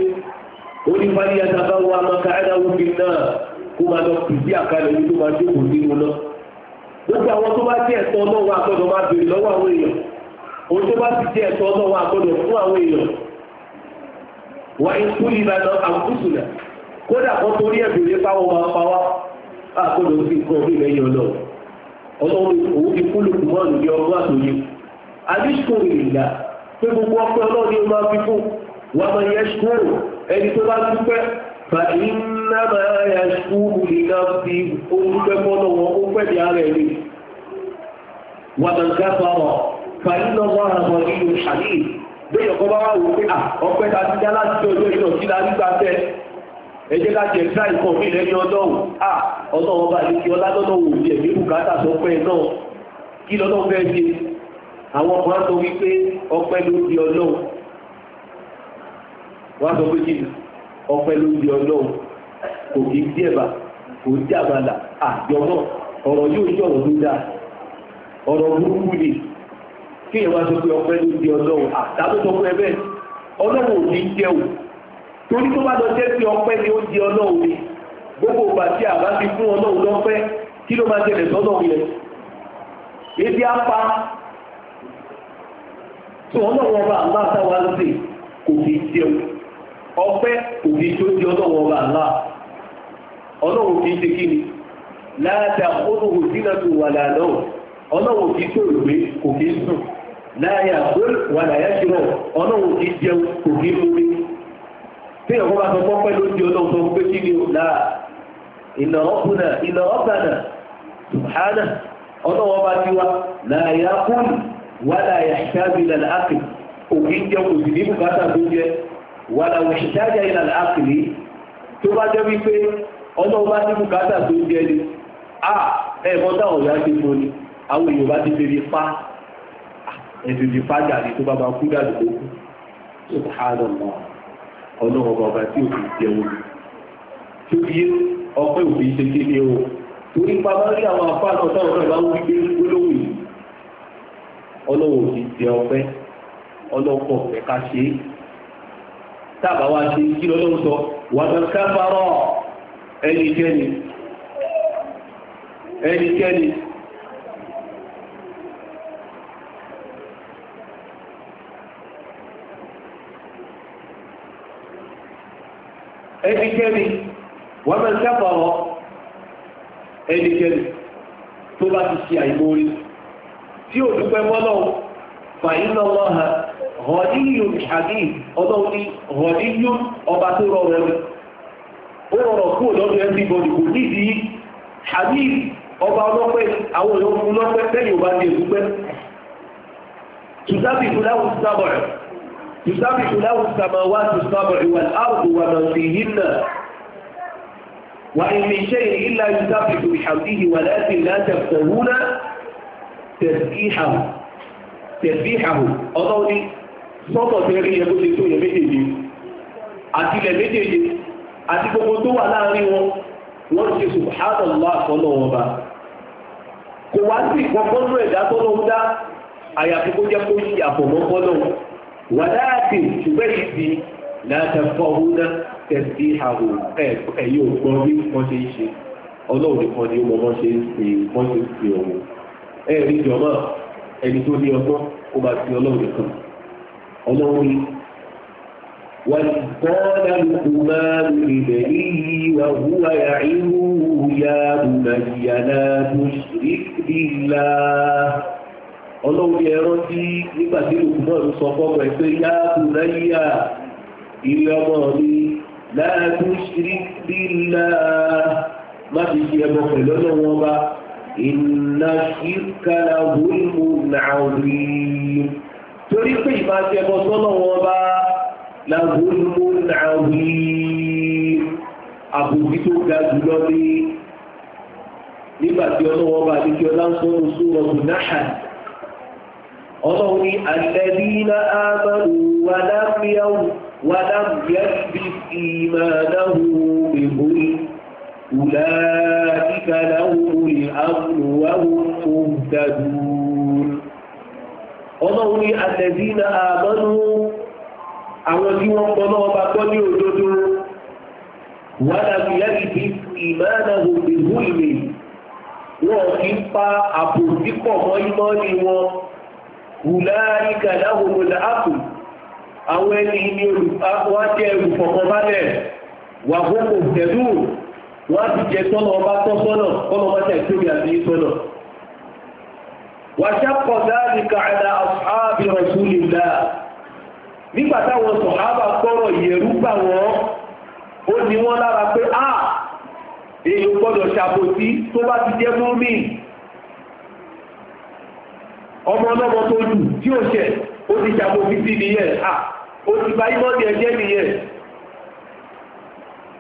ó ní fáyé àtàkà wo amaka ẹ̀dá wúbi náà kó máa lọ pì sí àkàlẹ̀ yìí tó máa dé kò nínú náà gbogbo àwọn tó bá ti ẹ̀tọ́ náà wà gbọ́dọ̀ máa béèrè lọ́wọ́ àwọn èèyàn òun tó bá ti ti ẹ̀tọ́ náà wà gbọ́dọ̀ fún àwọn èèyàn wà ń kú ìbàdàn àkúsùnà kódà kan torí ẹ̀bùrẹ́ fáwọn máa pa wá àkọlù sí pé gbogbo ọpẹ́ ọlọ́ọ̀ni ó máa fi fún wa máa yẹ ṣùkúrù ẹni tó bá dúpẹ́ fa iná máa yẹ ṣùkúrù nínú fi olùdúpẹ́ fọ́nà wọn ó fẹ́ ara ẹ̀ lè wà máa ká fa ọ̀ iná wọn àwọn ìlú ṣàlì bẹ́ẹ̀ ọkọ̀ bá wà wò pé ah, ọpẹ́ ta ti dá láti ọjọ́ ìlọ sí la nígbà tẹ́ ẹ jẹ́ ká jẹ ìkọ̀ mí lẹ́yìn ọlọ́run à ah, ọlọ́run ọba àwọn ọmọ á sọ wípé ọpẹ́ ló di ọlọ́run wọ́n á sọ pé kí ni ọpẹ́ ló di ọlọ́run kò kí dí ẹ̀bà kò dí àbàlà àjọ náà ọ̀rọ̀ yóò ṣe ọ̀rọ̀ tó dáa ọ̀rọ̀ burúkú ni kí ìwà sọ pé ọpẹ́ ló di ọlọ́run àtàbùsọ fún ẹbẹ́ ọlọ́run ò ní jẹ́ o torí tó bá lọ jẹ́ pé ọpẹ́ ni ó di ọlọ́run ni gbogbo ìgbà tí àbá ti fún ọlọ́run lọ́pẹ́ kí ló máa jẹ́ tí ọlọ́wọ́ bá ńlá táwa ń sè kò fi jẹun ọpẹ́ kò fi tó di ọlọ́wọ́ bá ńlá ọlọ́wọ́ fi ṣe kí ni láàdá olówó sínú tó wà lánà ọlọ́wọ́ fi tó ìwé kò fi sùn láàyà wà láyà ṣùgbọ́n ọlọ́wọ́ fi jẹun kò fi mú tí bá pọ́pẹ́ ló di pé kí ni ìnà ìnà ọlọ́wọ́ bá ti wá láàyà wàlá ìṣáájú ilẹ̀ àkè òkè ń jẹun òsì ní bùkátà tó jẹ wàlá ìṣáájú ilẹ̀ àkè ní tó bá jẹ́ wípé ọlọ́wọ́ bá ní bùkátà a pa ẹ̀sùn di fájà tó bá bá kú dàdù tó ọlọ́wọ́ bàbá tí òfin jẹun tó yé ọpẹ́ òfin ṣe kéde o torí pa àwọn ọlọ́wọ́ ti ọkpẹ ọpẹ́ ọlọ́kọ̀ ọ̀fẹ́ ká ṣe é tábà wá ṣe kí lọ́lọ́wọ́ sọ wàtà káfàárọ̀ ẹnikẹ́ni ẹnikẹ́ni ẹnikẹ́ni wàtà káfàárọ̀ ẹnikẹ́ni tó bá ti ṣe tí ò dúpẹ́ mọ́lọ́ fàyínà lọ́ha rọ̀díyùn ṣàdí ọlọ́run ní rọ̀díyùn ọba tó rọrọ̀ rẹ̀ ó rọrọ̀ kú lọ́dún ẹbí bọ́dì kò nídìí ṣàdí ọba ọlọ́pẹ́ àwọn èèyàn fún lọ́pẹ́ tẹ́yìn ọba ní ìmìṣẹ́ ìlà ìsábì fúláwù sábà wà láti láti tẹ̀síhàwò ọlọ́run ní sọ́tọ̀ tẹ́rí ẹgbó ṣe tó yẹ méjèèjì àti ilẹ̀ méjèèjì àti gbogbo tó wà láàrin wọn wọ́n ṣe subhanallah àkọ́lọ̀ wọn bá kò wá sí ìpọ̀pọ́nú ẹ̀dá tọ́lọ́ ń dá àyàfi kó jẹ́ kó yí àpọ̀mọ́pọ́lọ́ wà láàtì ṣùgbẹ́ ìdí látẹ̀fọ́ ọ̀húnná tẹ̀sí àwò ẹ̀yọ́ gbọ́n bí wọ́n ṣe ń ṣe ọlọ́run nìkan ni ó mọ̀ wọ́n ṣe ń ṣe wọ́n ṣe ń ṣe ọ̀hún ẹ̀rí jọmọ́ ẹni tó ní ọgbọ́n ó bá ti ọlọ́run nìkan ọlọ́run ni wọ́n kọ́ọ̀dà lùkùnmá lùlẹ̀ níyì wà húwa yà ìhú ya bùnàyànà bùsùrí bìlá ọlọ́run yẹ rántí nígbà tí lùkùnmá ló sọ fọ́mọ ẹ̀ pé yá bùnàyà ilé ọmọ mi láàbùsùrí bìlá má ti ṣe ẹbọ pẹ̀lú ọlọ́run ọba. إن الشرك لظلم عظيم تريد ما تبصل وما لظلم عظيم أبو بيتو كذلولي nígbà tí ọlọ́wọ́ bá ní kí ọlá ń sọ oṣù ọdún náà ọlọ́run ní alladhina amanu wa lam yalbisu imanahum أولئك لهم الأمن وهم مهتدون ọlọ́run ní àtẹ̀dínà àmọ́nú àwọn tí wọ́n pọ̀ náà bá kọ́ ní òdodo wọ́n lábí lẹ́bìdì ìmáàna òdìbò ìlè wọ́n kí ń pa àpò pípọ̀ mọ́ imọ́ ní wọn wùlá ìkàlá òmùlà àpò wọ́n á ti jẹ tọ́nà ọba tọ́ sọ́nà kọ́nà ọba tẹ̀ tóbi àti sọ́nà. wàṣàkọ̀ dáàbì kàdà àbí rasulillah nígbà táwọn sọ̀hábà kọ́rọ̀ ìyẹ̀rú gbà wọ́n ó ní wọ́n lára pé a èyí gbọ́dọ̀ ṣàbòsí tó bá ti jẹ́ mọ́mí ọmọ ọlọ́mọ tó dù tí ó ṣẹ̀ ó ti ṣàbòsí sí nìyẹn ó ti bá ìmọ̀ ní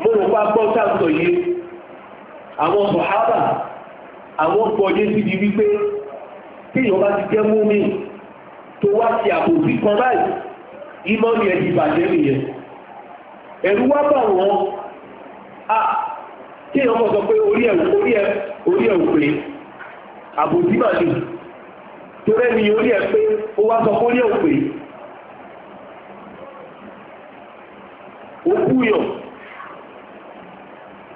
mo rò pa gbọ́ sáǹtọ̀ yìí àwọn sọ̀hábà àwọn gbọ́dé sí di wípé tí ìyọba ti jẹ́ mú mi tó wá sí àbòsí kan báyìí ìmọ̀ ni ẹ̀ ti bàjẹ́ nìyẹn ẹ̀rú a tí ìyọba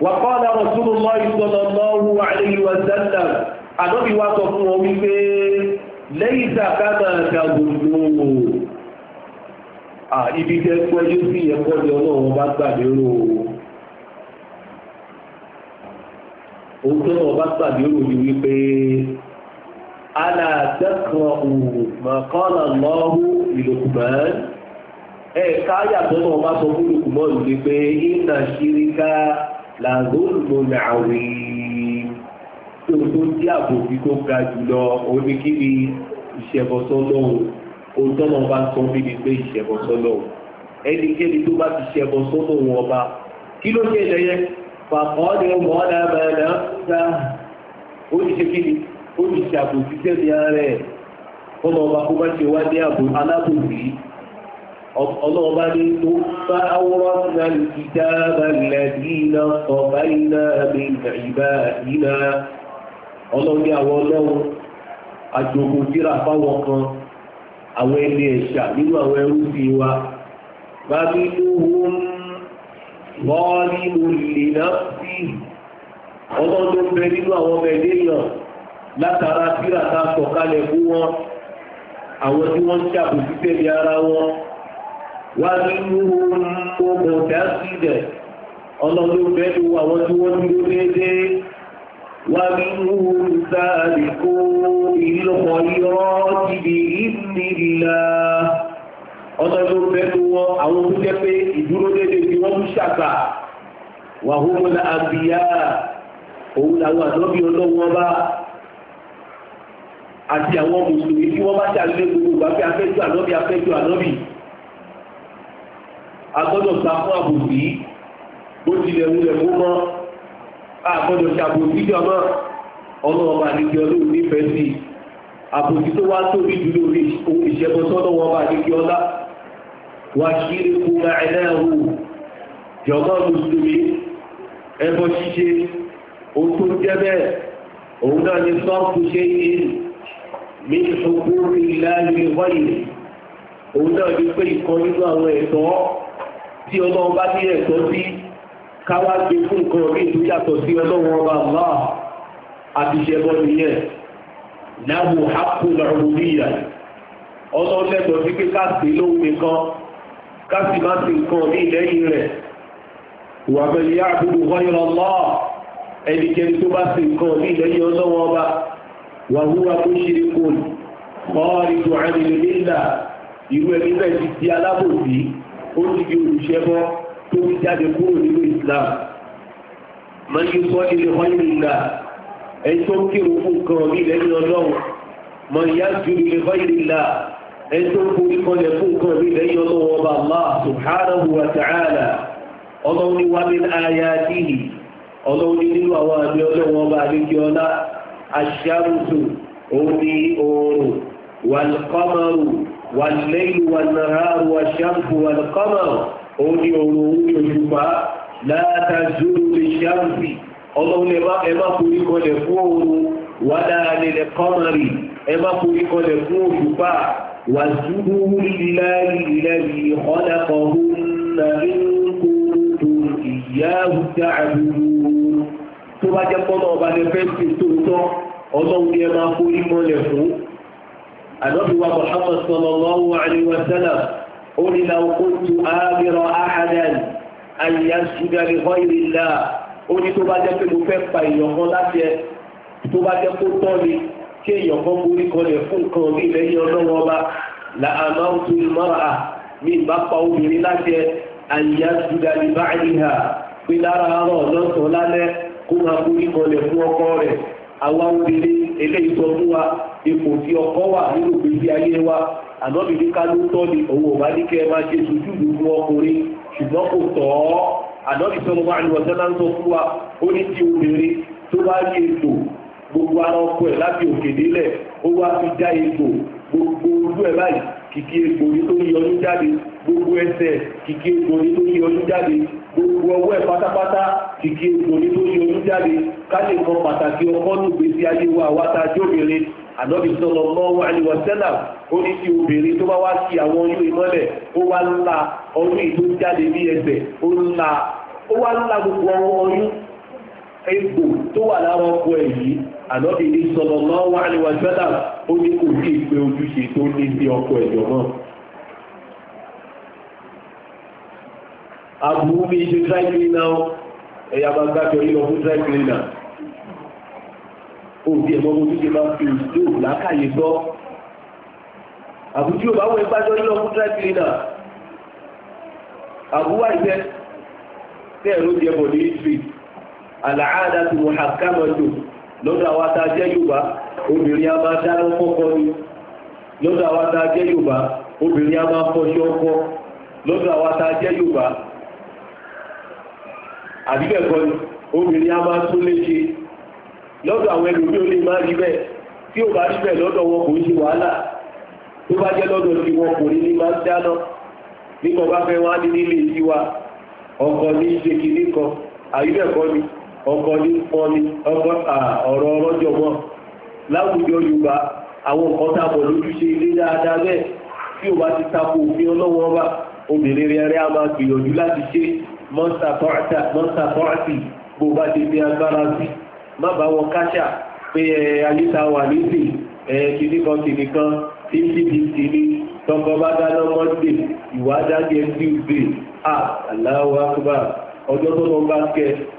وقال رسول الله صلى الله عليه وسلم أنبي واتفوا وفي ليس كما تظنون ibi tẹ́ pẹ́jú sí ẹ̀kọ́ ni ọlọ́run bá gbà lérò ohun tó lọ́wọ́ bá gbà lérò ni wípé aláàdẹ́kan òòrùn mọ̀kànlá làzóòlù nàáwí tó tó jẹ́ àbòbí tó ga jùlọ oníkiri ìṣẹ̀bọ̀sọ́lọ́hùn ohun tọ́nà bá sọ bí ni pé ìṣẹ̀bọ̀sọ́lọ́hùn ẹnikẹ́ni tó bá ti ṣẹ̀bọ̀sọ́lọ́hùn ọba kí ló ṣe lẹ́yẹ fàkọ́ọ́dẹ mọ́ọ́dà bàdà dá ó ti kí ni ó ti ṣàbòsí sẹ́ni kọ́nà ọba kó má ṣe wá ní àbò alábòsí الله فأورثنا الكتاب الذين اصطفينا من عبادنا ọlọ́run ní àwọn ọlọ́run àjòkò tíra fáwọn kan àwọn ẹni ẹ̀ṣà nínú àwọn ẹrú sí wa bá nínú ohun wọ́ọ̀lì olèlá wọ́n ń ṣàbòsí tẹ̀lé ara wọn wá nínú ogun tẹ́sídẹ̀ ọlọ́lọ́fẹ́ ló àwọn tí wọ́n dúró kó ìlọ́pọ̀ tìbí ìsìnlá àwọn tó jẹ́ pé ìdúró tí wọ́n àbíyá agbọ́dọ̀ ta fún àbòsí bó tilẹ̀ wulẹ̀ kó mọ́ agbọ́dọ̀ ta àbòsí jọmọ́ ọlọ́ọ̀bà àdìkí ọlọ́run nífẹ̀ẹ́ sí àbòsí tó wá tóbi jùlọ rí ìṣẹ́bọ sọ́dọ̀ wọn bá àdìkí ọlá wà ṣírí kú láìlẹ́ ẹ̀hù jọmọ́ mùsùlùmí ẹbọ ṣíṣe ohun tó jẹ́ bẹ́ẹ̀ òun náà ni tí ọlọ́run bá ní ẹ̀tọ́ sí káwá gbé fún nǹkan orí tó yàtọ̀ sí ọlọ́run ọba Allah àti ìṣẹ́bọ nìyẹn náwó hapun ọ̀rùnìyà ọlọ́run lẹ́tọ̀ sí pé káàsì lóhun nìkan káàsì má sí nǹkan ní ìlẹ́yìn rẹ̀ wà pẹ̀lú yá àbúrò wáyé ọlọ́ ẹnikẹ́ni tó bá sí nǹkan ní ìlẹ́yìn ọlọ́run ọba wà wúwa tó ṣe é kò ní kọ́ ìtò àrìnrìn nílà ìwé ẹni bẹ́ẹ̀ ti di alábòsí ó ti di olùṣẹ́bọ tó ti jáde kúrò nínú Islam máa yí sọ ilé ọyìn ìlà ẹni tó kírun fún kan ní lẹ́yìn ọlọ́run máa yá ju ilé ọyìn ìlà ẹni tó forí kanlẹ̀ fún kan ní lẹ́yìn ọlọ́run ọba Allah subhanahu wa ta'ala ọlọ́run ní wa min ayatihi ọlọ́run ní nínú àwọn àmì ọlọ́run ọba àlejò ọlá aṣáàrùtù òun oòrùn wàlùkọ́mọ̀rù والليل والنهار والشمس والقمر أولي أولي الجمعة لا تزول للشمس ọlọ́run ẹ má forí kọlẹ̀ fún oòrùn wà láàrin kọ́mọ̀rì ẹ má forí kọlẹ̀ fún òṣùpá wà zúrú lílẹ́rìí ọ̀dàkọ̀ọ́hún na ríńkù tó ìyá àwùjá àbúrú tó bá jẹ́ pọ́nà ọlọ́run ẹ má forí kọlẹ̀ النبي محمد صلى الله عليه وسلم قل لو كنت آمر أحدا أن يسجد لغير الله ó ní tó bá jẹ́ pé mo fẹ́ pa èèyàn kan láti ẹ tó bá jẹ́ kó tọ́ ni kí èèyàn kan borí kanlẹ̀ fún nǹkan mi lẹ́yìn ọlọ́wọ́ ọba la amáwùtú ìmọ̀ra mi bá pa obìnrin láti ẹ àyà jùlọ ní báyìí hà pé lára àárọ̀ lọ́sàn-án lálẹ́ kó máa borí kanlẹ̀ fún ọkọ rẹ̀ àwọn ń bèrè eléyìí sọ wa ipò tí ọkọ wà nínú ìgbésí ayé wa ànábìbí ká ló tọ́ ni òun ò bá ní kẹ́ ẹ máa ṣe ọkùnrin ṣùgbọ́n kò tọ́ ànábì sọ̀rọ̀ ní ọ̀sán náà ń sọ fún wa gbogbo ara ọkọ ẹ̀ láti òkè ó wá fi já ètò gbogbo ojú ẹ̀ kìkì egbò ní tó yọ ní jáde gbogbo ẹsẹ̀ kìkì egbò ní tó yọ ní jáde gbogbo ọwọ́ ẹ̀ pátápátá kìkì egbò ní tó yọ ní jáde ká lè mọ pàtàkì ọkọ́ ní ìgbésí ayé wa àwátá jóbìnrin ànábì sọlọ lọ́wọ́ àlìwọ̀sẹ́là ó ní kí obìnrin tó bá wá sí àwọn oyún ìmọ́lẹ̀ ó wá ńlá ọdún ìtó jáde ní ẹsẹ̀ ó ńlá ó wá ńlá gbogbo ọyún egbò tó wà lára ọkọ ẹ̀ yìí ànọ́bì ní sọ̀rọ̀ máa wà níwájú bẹ́tà ó ní kò sí ìpè ojúṣe tó ní sí ọkọ ẹ̀jọ̀ náà. aburú mi ṣe dry cleaner ẹ̀yà máa gbàgbé orí lọ fún dry cleaner. òbí ẹ̀mọ́ mo tún ṣe máa fi òṣèlú làákàyè sọ. àbújú ò bá wọ ìgbàjọ́ orí lọ fún dry cleaner. àbúwá ìfẹ́ tẹ́ ẹ̀rọ jẹ́ bọ̀ ní ìtìrì àlàáda tó mọ̀ àkámọ́ tó lọ́dọ̀ àwọn ata jẹ́ Yorùbá obìnrin a máa dáná kọ́kọ́ ni lọ́dọ̀ àwọn ata jẹ́ Yorùbá obìnrin a máa fọṣọ ọkọ lọ́dọ̀ àwọn ata jẹ́ Yorùbá àbíbẹ̀kọ́ ni obìnrin a máa tún léṣe lọ́dọ̀ àwọn ẹlòmí ò lè má rí bẹ́ẹ̀ tí ò bá rí bẹ́ẹ̀ lọ́dọ̀ ọkọ̀ ní pọ́ni ọkọ̀ ọ̀rọ̀ ọlọ́jọ́ mọ́ láwùjọ yorùbá àwọn nǹkan tá a bọ̀ lójúṣe ilé dáadáa bẹ́ẹ̀ tí o bá ti tako òfin ọlọ́wọ́ bá obìnrin rẹ̀ rẹ̀ a máa gbìyànjú láti ṣe mọ́ńsà tọ́ọ̀tì bó bá ti fi agbára sí má bá wọn káṣà pé ayé ta wà nísìn kìnnìkan kìnnìkan tí ń ṣe bìtì ni tọkọ bá dáná mọ́ndé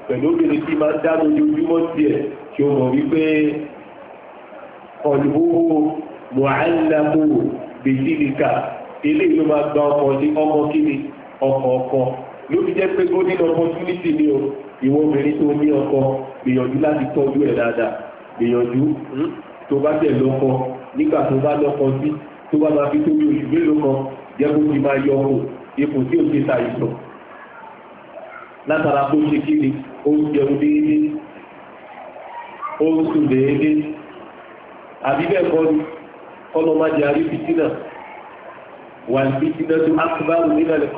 pẹ̀lú obìnrin tí máa dá lójoojúmọ́ sí ẹ̀ tí ó mọ̀ wípé ọ̀lùwòwò mọ̀hánlámù bèjìlìkà ilé ìlú máa gba ọkọ̀ ní ọmọ kíni ọkọ̀ ọkọ̀ ló fi jẹ́ pé golden opportunity ni o ìwọ obìnrin tó ní ọkọ gbìyànjú láti tọ́jú ẹ̀ dáadáa gbìyànjú hmm, tó bá jẹ́ lọ́kọ nígbà tó bá lọ́kọ sí tó bá máa fi tó bí oṣù mélòó kan jẹ́ kó ti ṣe ta ìsọ̀ ó jẹun déédé ó sùn déédé àbíbẹ̀kọ́ ni kọ́lọ́ má jẹ àrí fìtínà wà ní fìtínà tó akúbárù nínú ẹ̀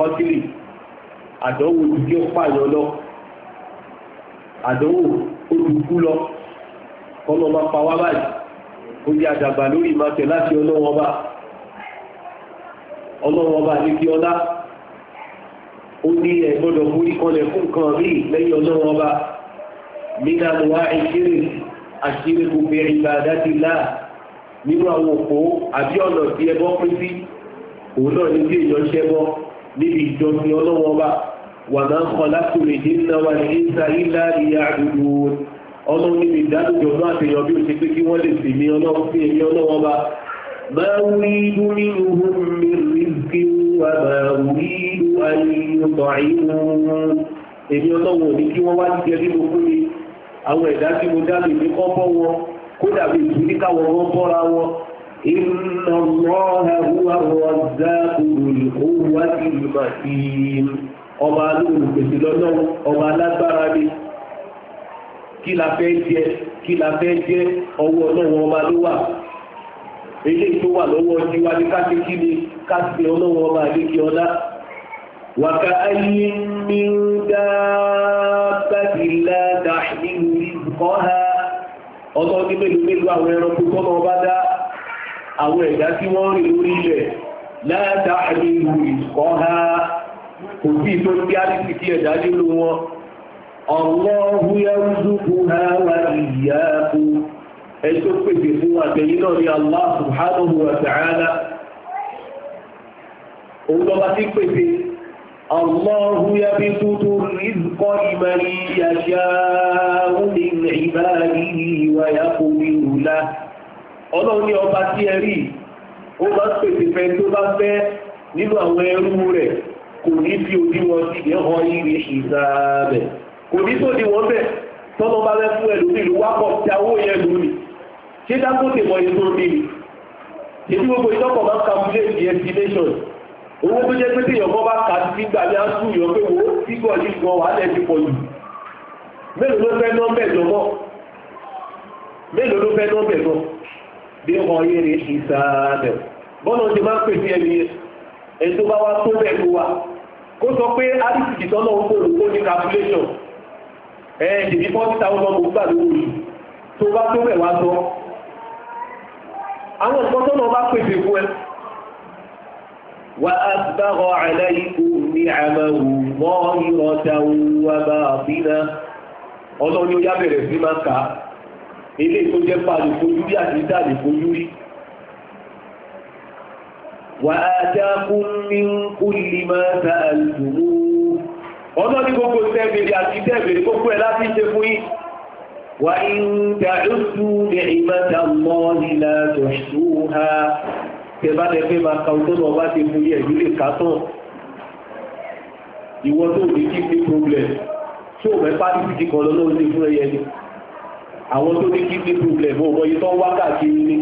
àdánwò ju pààyàn lọ àdánwò ó lọ kọ́lọ́ má pa wá báyìí àdàgbà lórí láti ọlọ́wọ́ bá ọlọ́wọ́ bá ní kí ọlá. ó ní ẹgbọ́dọ̀ mú ìkọlẹ̀ fún kan rí lẹ́yìn ọjọ́ wọn bá nínú àwọn àìṣírí àṣírí gbogbo ìgbà àdáti láà nínú àwọn òpó àbí ọ̀nà tí ẹbọ pín sí òun náà ní bí èèyàn ṣẹbọ níbi ìjọsìn ọlọ́wọ́n bá wà máa ń kọ láti lè dín náà wà ní ìsà ìlà ìyá àdúgbò ọlọ́run níbi ìdádùjọ náà àtẹ̀yàn bí ó ṣe pé kí wọ́n lè sì ní ọlọ́run sí èmi ọlọ́wọ́n bá máa ń rí وما أريد أن يطعمون èmi ọlọ́wọ́ ní kí wọ́n wá ti jẹ nínú fún mi àwọn ẹ̀dá tí mo dá lè ní kọ́ bọ́ wọn kódà bí ìlú ní la fẹ́ jẹ ọwọ́ ọlọ́wọ́ ọba ló wà ilé tó wà lọ́wọ́ tiwa ní káṣe kí ni káṣe ọlọ́wọ́ ọba àdékè ọlá wàkà ayé ní dábàbìlá dàhìlú rizqaha ọ̀tọ̀ ní mélòó mélòó àwọn ẹranko tọ́nà ọba dá àwọn ẹ̀dá tí wọ́n rìn lórí ilẹ̀ látàhìlú rizqaha kò sí ìtò tí a ti kí ẹ̀dá nínú wọn ọ̀rọ̀ húyẹ́ rúzùkú ha wà ìyá kú ẹni tó pèsè fún àtẹ̀yìn náà ní Allah subhanahu wa ta'ala òun lọ́ba ti pèsè الله يبسط الرزق لمن يشاء من عباده ويقدر له ọlọ́run ní ọba tí ẹ rí ó bá pèsè fẹ́ tó bá fẹ́ nínú àwọn ẹrú rẹ̀ kò ní fi òdiwọ̀n sí ẹ̀họ́ ìrìn ìsáàbẹ̀ kò ní tó di wọ́n bẹ̀ tọ́lọ́ bá fẹ́ fún ṣé dákòtè mọ ìṣòro bí mi èyí gbogbo ìtọ́kọ̀ máa ń calculate the estimation owó tó jẹ́ pé tí ìyọ̀kọ́ bá kà sí gbà ní asú ìyọ̀ pé wo sígbọ̀ ní ìgbọ̀n wà lẹ́ẹ̀dì pọ̀ jù mélòó ló fẹ́ nọ́mbẹ̀ jọmọ́ mélòó ló fẹ́ nọ́mbẹ̀ jọ bí ọ̀ yé ni ìsàlẹ̀ bọ́lá ti máa ń pèsè ẹni ẹni tó bá wá tó bẹ́ẹ̀ ló wa kó sọ pé alìsìkì tọ́lọ́ ń kó olùkó ní calculation ẹ̀ẹ́dì bí fọ́ọ̀tì táwọn ọmọ gbà lówó yìí tó bá tó bẹ̀ àwọn nǹkan tó lọ bá pèsè fún ẹ wà á bára aláìkú ní àmàwù mọ́ ìrọ̀ta wà bá àfihàn ọlọ́ni ó yá bẹ̀rẹ̀ sí máa kà á ilé tó jẹ́ pàlù fojú rí àti dáàlì fojú rí wà á dákún ní kúlì máa ta àlùmú ọlọ́ni gbogbo tẹ́bẹ̀rẹ̀ àti tẹ́bẹ̀rẹ̀ gbogbo ẹ̀ láti ṣe fún yìí وإن تعدوا نعمة الله لا تحصوها tẹ́bá lẹ fẹ́ máa ka ọjọ́ náà bá ti mú yẹ ìlú lè ká tán ìwọ tó ní kí ní problem tí ò mẹ́fà ní fìdí kan àwọn tó ní kí ní problem ò mọ ìtọ́ wákàkiri ni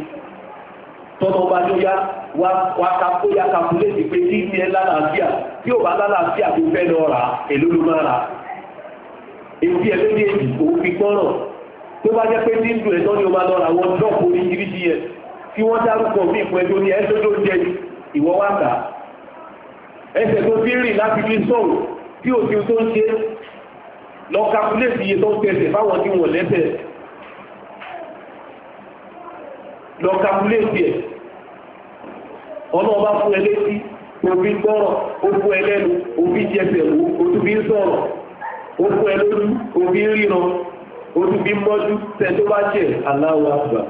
tọ́nà bá tó yá wákà kó yá kàkúlẹ́sì pé kí ní ẹ lálàáfíà tí ò bá lálàáfíà tó fẹ́ lọ rà èló ló máa rà èsì ẹ̀ ló ní èyí òun fi gbọ́ràn tó bá jẹ́ pé ní ìlú ẹ̀tọ́ ni ó máa lọ́ra wọn dọ́pọ̀ ní ìrísí yẹn kí wọ́n dárúkọ bí ìpọ̀ ẹjọ́ ní ẹjọ́ tó jẹ ìwọ́ wá tà ẹsẹ̀ tó fi rìn láti fi sọ̀rọ̀ tí òfin tó ń ṣe lọ kápúlẹ̀tì iye tó ń tẹ̀sẹ̀ fáwọn tí wọ́n lẹ́sẹ̀ lọ kápúlẹ̀tì ẹ̀ ọlọ́ọ̀bá fún ẹ létí òfin gbọ́rọ̀ ó fún ẹ lẹ́nu òfin jẹsẹ̀ wò ó tún fi ń sọ̀rọ̀ ó fún ẹ lójú òfin ríran ojú bí mọ́jú tẹ́lú bá jẹ́ Allahu Akbar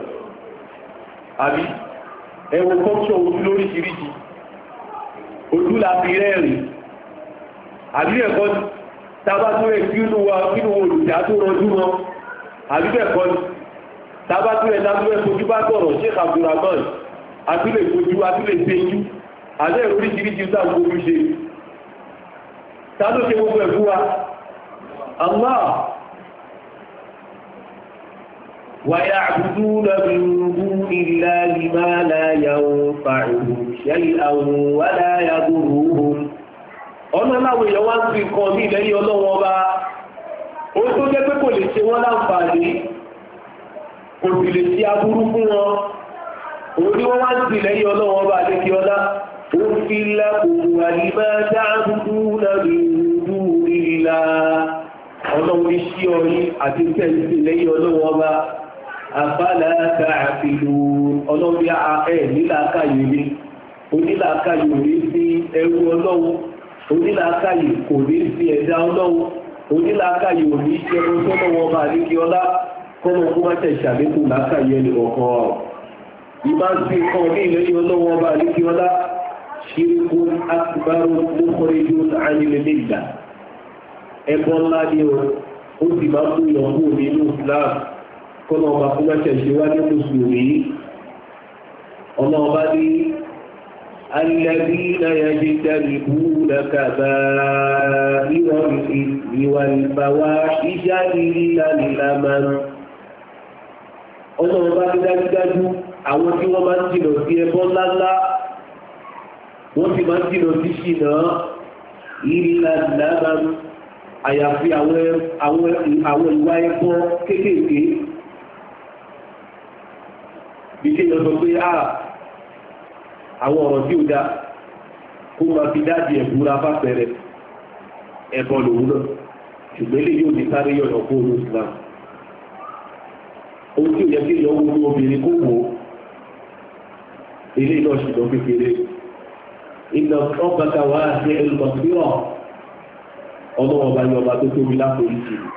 àbí ẹwọ kọ́kọ́ ojú lóríṣiríṣi ojú láti rẹ́rìn àbí ẹ̀kọ́ tabátúrẹ̀ kínú wa kínú olùdá tó rọjú wọn àbí ẹ̀kọ́ tabátúrẹ̀ tabúrẹ̀ fojú bá tọ̀rọ̀ Sheikh Abdulrahman àtúlẹ̀ fojú àtúlẹ̀ sejú àtẹ́ oríṣiríṣi táwọn ojú ṣe tá ló ṣe gbogbo ẹ̀fún wa Allah ويعبدون من دون الله ما لا ينفعهم شيئا ولا يضرهم ọ̀nà láwọn èèyàn wá ń fi kan ní ilẹ̀ ọlọ́wọ́ bá ó tó jẹ́ pé kò lè ṣe wọ́n láǹfààní kò sì lè ṣe aburú fún wọn òun ni wọ́n wá ń fi ilẹ̀ ọlọ́wọ́ bá lè ọlá ó fi lákòókò àdìmá dáàbùkú lábẹ́ ìlú ìlà ọlọ́run iṣẹ́ ọyìn àti tẹ̀sí ilẹ̀ ọlọ́wọ́ bá àbálàáta àfihàn ọlọ́bí ẹ̀ nílàákàyè ni onílàákàyè ò ní sí ẹrú ọlọ́wọ́ onílàákàyè kò ní sí ẹ̀dá ọlọ́wọ́ onílàákàyè ò ní ṣe ẹrú sọ́lọ́wọ́ bá ní kí ọlá kọ́nà kó má tẹ̀sí àlékún làákàyè ẹ̀bọ́n ńlá ni ó sì máa ń ìyọ̀kú nínú Islam kọ́nà ọba tó bá ṣẹ̀ṣẹ̀ wá ní mùsùlùmí ọmọ ọba ní الذين يجتنبون كبائر الإثم والفواحش إلا اللمم ọmọ ọba ní dájúdájú àwọn tí wọ́n máa ń jìnà sí ẹbọ ńláńlá wọ́n sì máa ń jìnà sí ṣìnà ìlà ìlànà àyàfi àwọn ìwà ẹbọ kéékèèké ìdí lọ sọ pé a ah, àwọn ọ̀rọ̀ tí ó dá kó máa fi dáàbì ẹ̀búra bá pẹ̀rẹ̀ ẹ̀bọ lòun náà ṣùgbọ́n ilé yóò ní sáré yọ̀nà kó o ló sì náà ohun tí ó yẹ kí ìyọ̀ wo ní obìnrin kó wò ó ilé náà ṣùgbọ́n kékeré iná ọ̀pàtà wà á ṣe ẹlùmọ̀síwọ̀n ọlọ́wọ́ ọba yọba tó tóbi lápò ìṣèlú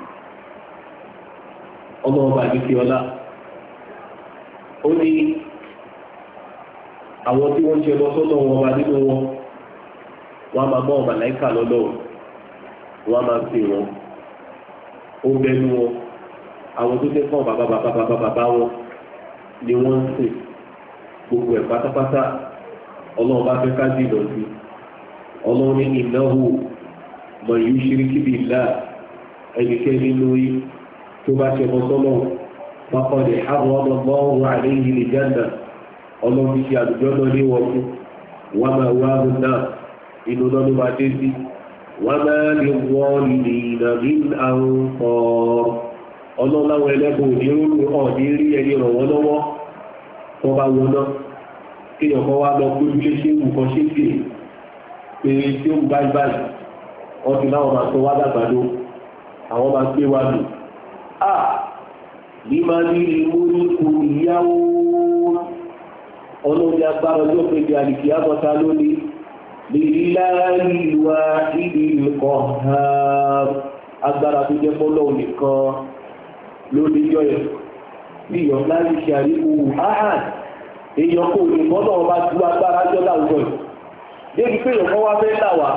ọlọ́wọ́ ọba àdìsí ọlá. ó ní àwọn tí wọ́n ṣe lọ sọ́dọ̀ wọn wá nínú wọn wọ́n máa bọ́ màláíkà lọ́dọ̀ wọ́n á máa fi wọn ó bẹnu wọn àwọn ni wọ́n ń gbogbo ẹ̀ pátápátá ọlọ́run bá fẹ́ ká lọ sí ọlọ́run ní ìnáwó mọ̀ yìí ṣíríkì bíi láà ẹnikẹ́ni lórí tó bá ṣe ọmọ sọ́lọ́run فقد حرم الله عليه الجنة ọlọ́run ṣe àdùjọ́ náà ní wọ́n fún wọ́n máa wá ọdún náà inú náà ló máa dé sí wọ́n máa lè wọ́ ilẹ̀ ìdàrí àrùn pọ̀ ọlọ́run láwọn ẹlẹ́bùn lọ pé ilé ṣé wù kan ṣe fè pé tí ó ń báyìí báyìí ọdún láwọn máa sọ wá dàgbà àwọn máa gbé wa límánìlì múlùkù ìyáwó ọlọ́run agbára ọjọ́ péjì àdìsí àbọ̀ta lónìí líláàrí ìwà ìdí nìkan agbára tó jẹ́ fọ́lọ́ nìkan lórí yọ̀yọ̀ bí ìyọ̀ láti ṣe àríkù ahàn èèyàn kò ní bọ́lọ̀ ọba ju agbára jọ láwùjọ débi pé ìyọ̀kọ́ wá fẹ́ là wá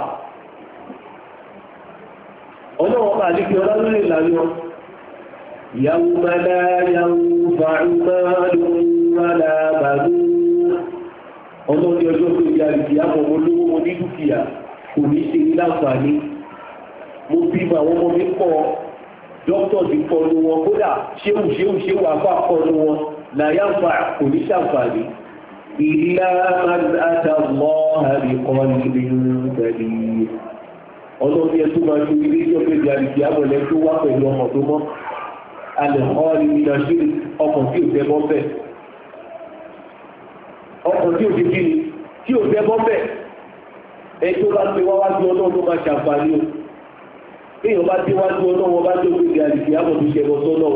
ọlọ́run ọba àdìsí ọlá lórí يوم لا ينفع مال ولا بنون ọmọ ní ọjọ́ tó ìyá ìdíyà mọ̀ mọ́ lówó mọ́ ní dúkìá kò ní ṣe ní láǹfààní mo bí ma àwọn ọmọ mi kọ́ dókítà ti kọ́ nu wọn kódà ṣéwù ṣéwù ṣéwù afá kọ́ nu wọn láyàǹfà kò ní ṣàǹfààní ìlà àtàmọ́ àbíkọ́ni pẹ̀lú ọlọ́run yẹn tó máa ju ilé ìjọba ìdíyà mọ̀lẹ́ tó wá pẹ̀lú ọmọ tó mọ́ alẹ́kọ́ọ́lì nínú ṣírí ọkàn tí ò tẹ́bọ́ bẹ̀ ọkàn tí ò ti kí ni tí ò tẹ́bọ́ bẹ̀ ẹ tó bá ti wáwájú ọlọ́run tó máa ṣàǹfààní o èèyàn bá ti wájú ọlọ́run bá tó gbèdé àdìsí àbọ̀ tó ṣẹ̀bọ̀ sọ́nà náà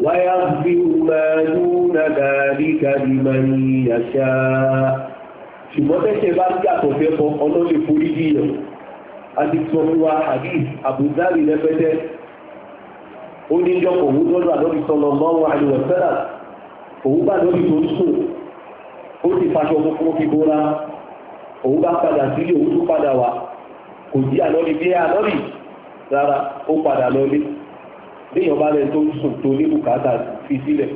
ويغفر ما دون ذلك لمن يشاء ṣùgbọ́n tẹ́ṣẹ̀ bá ń yàtọ̀ fẹ́ kan ọlọ́lẹ̀ forí díyàn a ti sọ fún wa hadith abudari lẹ́fẹ́tẹ́ ó ní jọpọ̀ òun lọ́dọ̀ àdọ́bí sọlọ mọ́ wọn àìwọ̀ sẹ́là òun bá lọ́bí tó ń sùn ó ti faṣọ funfun fi bóra òun bá padà sílé òun tún padà wá kò jí àlọ́bí bí àlọ́bí rárá ó padà lọ́lé léèyàn bá lẹ́ni tó ń sùn tó ní bùkátà fi sílẹ̀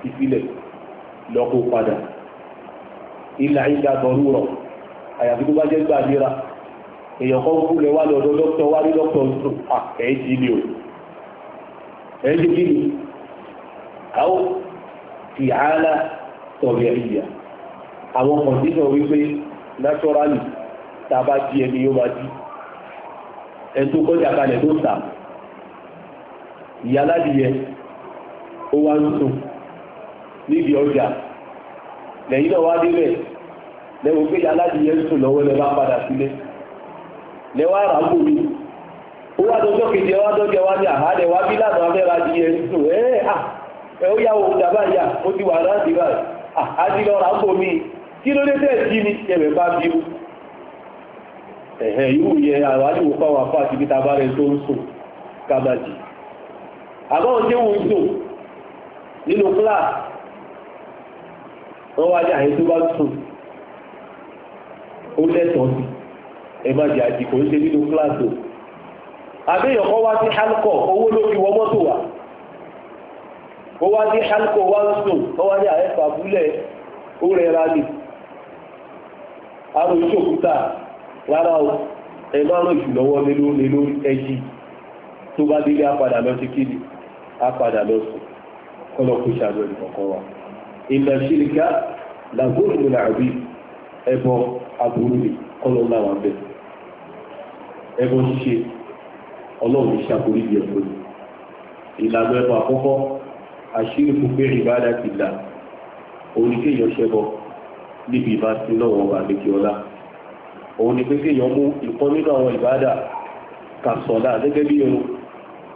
fi sílẹ̀ lọ́kọ̀ padà ilà ìjà tọrú rọ̀ àyàfi tó bá jẹ́ gbàdíra èèyàn kan kú lẹ wá lọ́dọ̀ dókítà wá ní dókítà ń à ẹ̀ jí ni o ẹ̀ jí kí ni àwọn ìhálà tọ̀rẹ̀ ìyà àwọn kọ̀dínà wípé naturally tàbá jí ẹni yóò máa jí ẹ̀ tó kọjá kalẹ̀ tó sàmù ìyáládìyẹ ó wá ń sùn níbi ọjà lẹ́yìn náà wá délẹ̀ lẹ́wọ̀n pé ìyáládìyẹ ń sùn lọ́wọ́ lẹ́wọ́ padà sílé lẹ́wọ́ àrà mú mi ó wá dọjọ́ kejì ẹwà dọ́jọ́ wá ní àhálẹ̀ wá bí lánàá abẹ́ra adìyẹ ń sùn ẹ́ ẹ̀ ni ẹ̀rẹ̀ bá bí mú ẹ̀hẹ̀ irú yẹ àwọn àdìwò fáwọn afá àti bíta bá rẹ̀ tó ń sùn kábàjì àbáwọn tí wọ́n dùn nínú class wọ́n wá àyè tó bá tún ó lẹ́tọ̀ọ́ sí ẹ jẹ́ kò ṣe nínú o wá sí halkọ̀ owó ló fi wọ mọ́tò wá ó wá ní halkọ̀ wá ń wá àyẹ́fà búlẹ̀ ó àrùn ìṣòkúta rárá o ẹ ẹjì tó bá á padà lọ sùn ìkọ̀kọ́ wa ìlà ṣíríkà ẹbọ aburú ni wà ẹbọ ṣíṣe ọlọ́run ṣàkórí ìyẹ̀ fún mi ìlànà ẹbọ àkọ́kọ́ àṣírí ìbáda ti là òun ni níbi ìbá sí òun ni pé kéèyàn mú nínú àwọn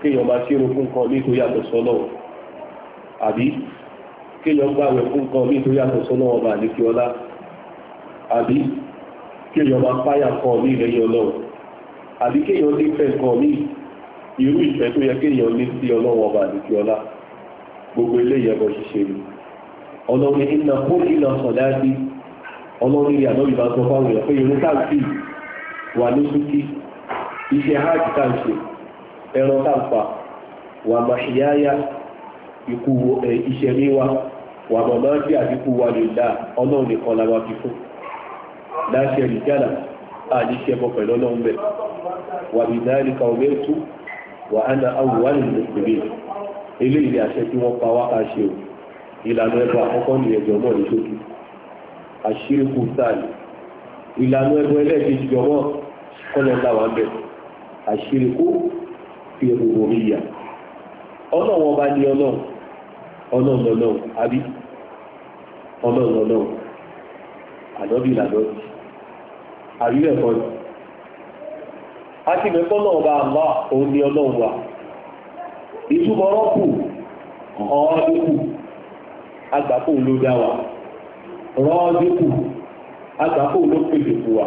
kéèyàn máa ṣírun fún kan ní tó yàtọ̀ sọ́nà àbí kéèyàn gbàwẹ̀ fún kan ní tó yàtọ̀ sọ́nà ọba àlékè ọlá àbí kéèyàn máa páyà kan ní ìrẹ́yìn ọlọ́run àbí kéèyàn nífẹ̀ẹ́ kan ní irú ìfẹ́ tó yẹ kéèyàn ní sí ọlọ́run ọba àlékè ọlá gbogbo eléyìí ẹbọ ṣíṣe ni ọlọ́run iná kó iná sọ̀dá sí ọlọ́run ní ìbá sọ fáwọn èèyàn pé irú táǹkì wà ní súnkì iṣẹ́ hajj táǹkì ẹran tàǹfà wà màṣíyáyá ikú ìṣẹ̀mí wa wà màmá sí àdínkù wa lè dá ọlọ́run nìkan la wá fi fún láṣẹ ìjàlá àdíṣẹ́ bọ́ pẹ̀lú ọlọ́run bẹ̀ wà ìdáríkà ọmẹ́tù wà ánà awùwárì lùsùlùmí eléyìí ni àṣẹ tí wọ́n pa wá ká ṣe o ìlànà ẹbọ àkọ́kọ́ ní ẹjọ́ bẹ̀ àṣírí kù fi rúbùbíyà ọlọ́run ọba ní ọlọ́run ọlọ́run ọlọ́run àbí ọlọ́run ọlọ́run àdọ́bí làdọ́bí àríwẹ̀ ni a ti mẹ́kọ́ náà bá àmà òun ní ọlọ́run wa ìtumọ̀ rọ́pù ọ̀ọ́dúnkù ló dá wa rọ́ọ́dúnkù agbákò ló pèsè fún wa.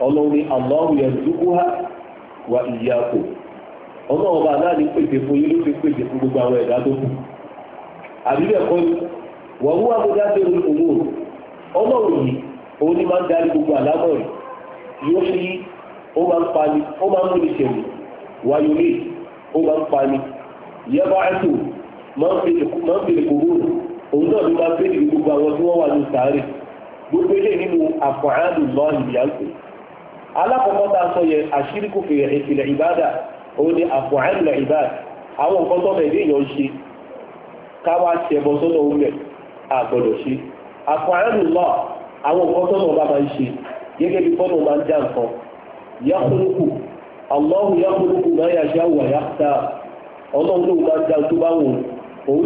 ọlọ́run ní Allahu yarzuquha wa iyyakum ọlọ́run bá náà pèsè fún yín ló fi pèsè fún gbogbo àwọn ẹ̀dá tó kù àbílẹ̀ kọ́ ni wọ́n wú ọlọ́run yìí òun ni máa ń darí gbogbo àlámọ̀rì yóò fi ó máa ń pani ó máa ń múni wáyé rí ó máa ń pani gbogbo àwọn tí wọ́n wà ní gbogbo alákọ̀ọ́kọ́ tá a sọ yẹn àṣíríkù fèrè ìfìlẹ̀ ìbádà òun ni àfọ̀hánilẹ̀ ìbádà àwọn nǹkan tó bẹ̀ léèyàn ń ṣe káwá ṣẹbọ sọ́dọ̀ oúnjẹ àgbọ̀dọ̀ ṣe àfọ̀hánilọ́ àwọn nǹkan tó náà bá máa ń ṣe gẹ́gẹ́ bí fọ́nà máa ń dá nǹkan yàkúrúkù Allahu yàkúrúkù máa yà ṣá wà yà tá ọlọ́run ló máa ń dá tó bá wò òun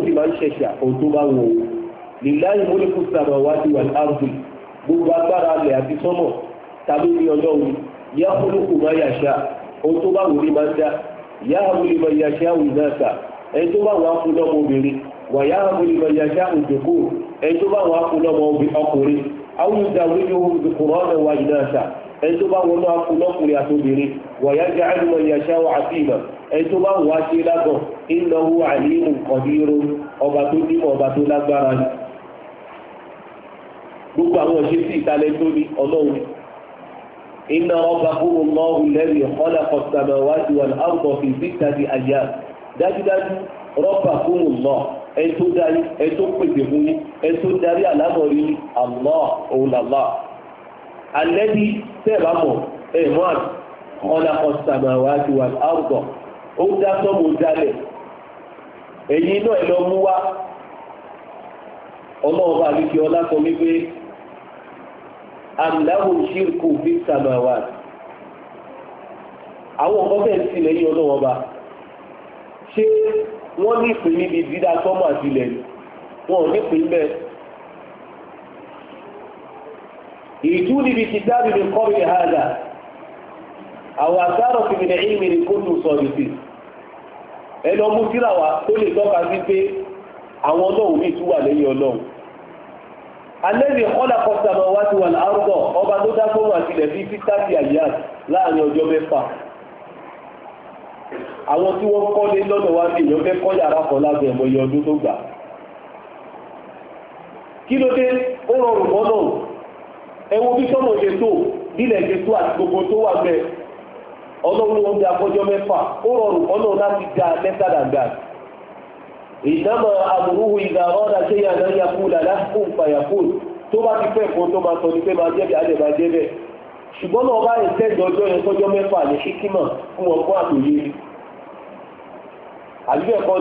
sì tàbí ní ọlọ́run yá kólókù máa yàṣá ohun tó bá wù ní ń dá yá àwùlé máa yàṣá tó bá wà fún lọ́mọ obìnrin wà yá àwùlé máa yàṣá òjòkó tó bá wà fún lọ́mọ ọkùnrin àwọn ìdàwé ọ̀nà wà tó bá wọnú afúnlọ́kùnrin àtòbìnrin wà yá jẹ́ àlùmọ̀ yàṣá wà tó bá wà إن ربكم الله الذي خلق السماوات والأرض في ستة أيام dájúdájú rọ́bà fún Allah ẹni tó darí ẹni tó pèsè fún yín ẹni tó darí àlámọ̀rí Allah òun làlá alẹ́bí tẹ́ẹ̀bá mọ̀ ẹ̀mọ́n ọ̀làkọ̀ sàmàwá ti wà áwùtọ̀ ó dá sọ́mù dálẹ̀ ẹ̀yin náà lọ mú wá ọlọ́ọ̀bá àlejò ọlá sọ wípé àmìláwò ṣírkù fi sàmàwà àwọn ọkọ̀ fẹ́ sí lẹ́yìn ọlọ́wọ́ bá ṣé wọ́n ní ìpín níbi dídá sọ́mọ̀ àtìlẹ̀ wọn ò ní ìpín bẹ́ẹ̀ ìjú níbi kìtàbí ní kọ́rin hàdà àwọn àtàrọ̀ sí ilẹ̀ ìmì ní kóòtù sọ̀rọ̀ sí ẹni ọmú síra wa tó lè tọ́ka sí pé àwọn ọlọ́run ní ìtúwà lẹ́yìn ọlọ́run alẹ́bí khalaqa samawati wal arda ọba tó dá fóònù àtìlẹ̀ bíi títàbí àyà láàrin ọjọ́ mẹ́fà àwọn tí wọ́n kọ́lé lọ́nà wa ní èèyàn fẹ́ kọ́ yàrá kan lábẹ́ ẹ̀mọ iye ọdún tó gbà kí ló dé ó rọrùn mọ́nà ẹ wo bí sọ́nà ṣe tó nílẹ̀ ṣe tó àti gbogbo tó wà bẹ́ẹ̀ ọlọ́run wọn bí akọ́jọ́ mẹ́fà ó rọrùn mọ́nà láti dá ìdámọ̀ àmúrúhu ìdàrọ́dà ṣé yàrá yakúlà lákùn fàyàkùn tó bá ti fẹ́ fún tó máa sọ ní pé máa jẹ́bi àdèbà jẹ́bẹ̀ ṣùgbọ́n náà bá yẹn tẹ́jọ ọjọ́ yẹn sọ́jọ́ mẹ́fà ní ṣíkímà fún ọgbọ́n àtòyé àbíbẹ̀kọ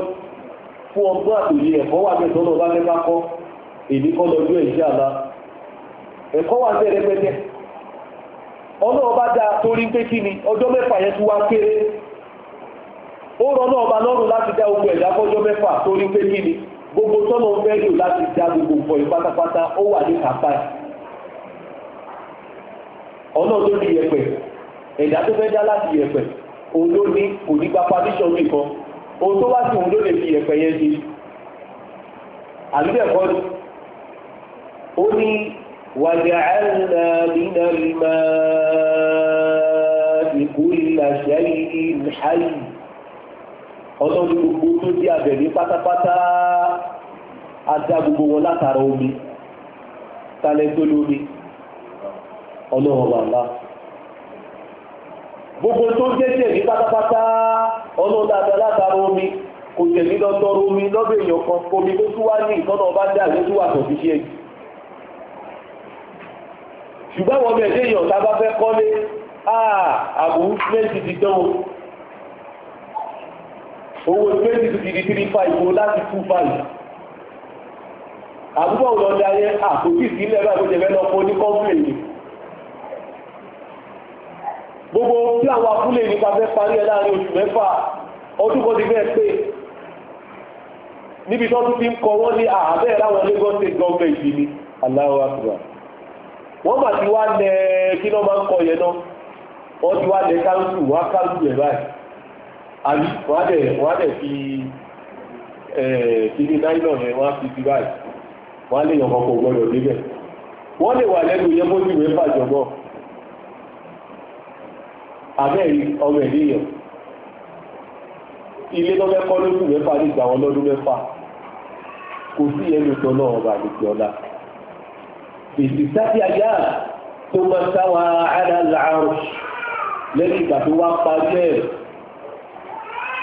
fún ọgbọ́n àtòyé ẹ̀kọ́ wà mẹ́sàn náà bá fẹ́ bá kọ́ èmi kọ́ lọ́jọ́ ìṣẹ́ àlá ẹ̀kọ́ wà bẹ́ẹ̀ rẹpẹtẹ ọlọ́ọ̀bá dáa torí pé kí ni ọjọ́ mẹ́fà yẹn tún wá kéré ó rọ náà ọba lọ́rùn láti dá ogun ẹ̀dá fọ́jọ́ mẹ́fà torí pé kí ni gbogbo tọ́nà ń fẹ́ lò láti dá gbogbo nǹkan yìí ó wà ní kápá ẹ̀ ọ̀nà tó ní yẹ̀pẹ̀ ẹ̀dá tó fẹ́ dá láti yẹ̀pẹ̀ òun ló ní kò ní nìkan òun tó wá sí òun ló lè fi yẹn di ni ó ọlọ́run gbogbo tó jẹ́ abẹ̀mí pátápátá ajá gbogbo wọn látara omi talẹ̀ tó lómi ọlọ́run bàbá gbogbo tó jẹ́ pátápátá ọlọ́run dáadáa látara omi kò jẹ̀mí lọ́tọ́rọ omi lọ́dọ̀ èèyàn kan omi tó tún wá ní ìtọ́nà ọba dà fi ṣe ṣùgbọ́n wọn èèyàn tá a bá fẹ́ kọ́lé ah, àbúrú méjì owó twenty to three three five mo láti two five àdúgbò ọ̀dọ́ ọjà yẹn àkókò ìsílẹ̀ bá ìgbésẹ̀ fẹ́ lọ fún oníkọ́ńpìlì gbogbo tí àwọn abúlé nípa fẹ́ parí ẹ láàrin oṣù mẹ́fà ọdún kan ti fẹ́ pé níbi tó tún fi ń kọ wọ́n ní àbẹ́ láwọn Lagos state government yìí ni aláwọ̀ àkùrà wọ́n mà ti wá lẹ kí ló máa ń kọ yẹn náà wọ́n ti wá lẹ káńsù wá káńsù ẹ̀ báyìí àbí wọ́n dẹ̀ fi kíní náírà rẹ̀ wọ́n fi ti báyìí wọ́n lè yàn kọ́kọ́ gbọ́dọ̀ débẹ̀ wọ́n lè wà lẹ́nu yẹ bó níwèé fàjọ̀bọ̀ àbẹ́ẹ̀rí ọmọ ènìyàn ilé lọ́mẹ́kọ́ lójú mẹ́fà ní ìgbà wọn lọ́dún mẹ́fà kò sí ẹnu tọ́ náà ọba àdìsí ọ̀la èsì sáfì àyà tó máa sáwà àdàlà àrùn lẹ́yìn ìgbà tó wá pa bẹ́ẹ̀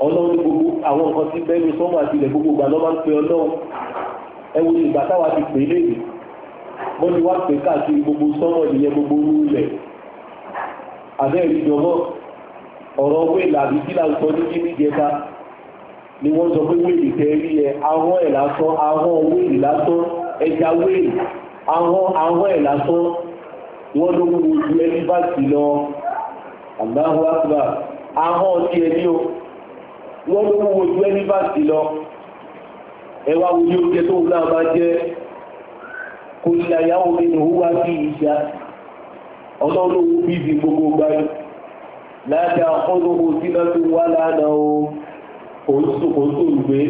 ọlọ́run gbogbo àwọn nǹkan tí bẹ́ẹ̀ ní sọ́mọ́ àti ilẹ̀ gbogbo gbà lọ́ máa ń pe ọlọ́run ẹ wo ìgbà táwa ti pè é léèrè wọ́n ti wá pè káàkiri gbogbo sọ́mọ́ ìyẹn gbogbo orú ilẹ̀ àbẹ́ẹ̀rí jọmọ́ ọ̀rọ̀ wéèlà àbí kí là ń sọ ní kíní jẹta ni wọ́n sọ pé wéèlì tẹ rí ẹ ahọ́n ẹ̀ lásán ahọ́n wéèlì lásán ẹja wéèlì ahọ́n ahọ́n ẹ̀ lásán wọ́n ló wúwo ju ẹni bá sì lọ àgbáhùn àgbà ahọ́n ti ẹni o wọ́n ló wo ojú ẹni bá sí lọ ẹwà ojú oúnjẹ tó ń náà máa jẹ́ kò ní àyàwó nínú wá a ìṣá ọlọ́lọ́wọ́ gbogbo gbáyé láàdá ọlọ́wọ́ sí lọ́tún wá lánàá o òǹtò ìgbé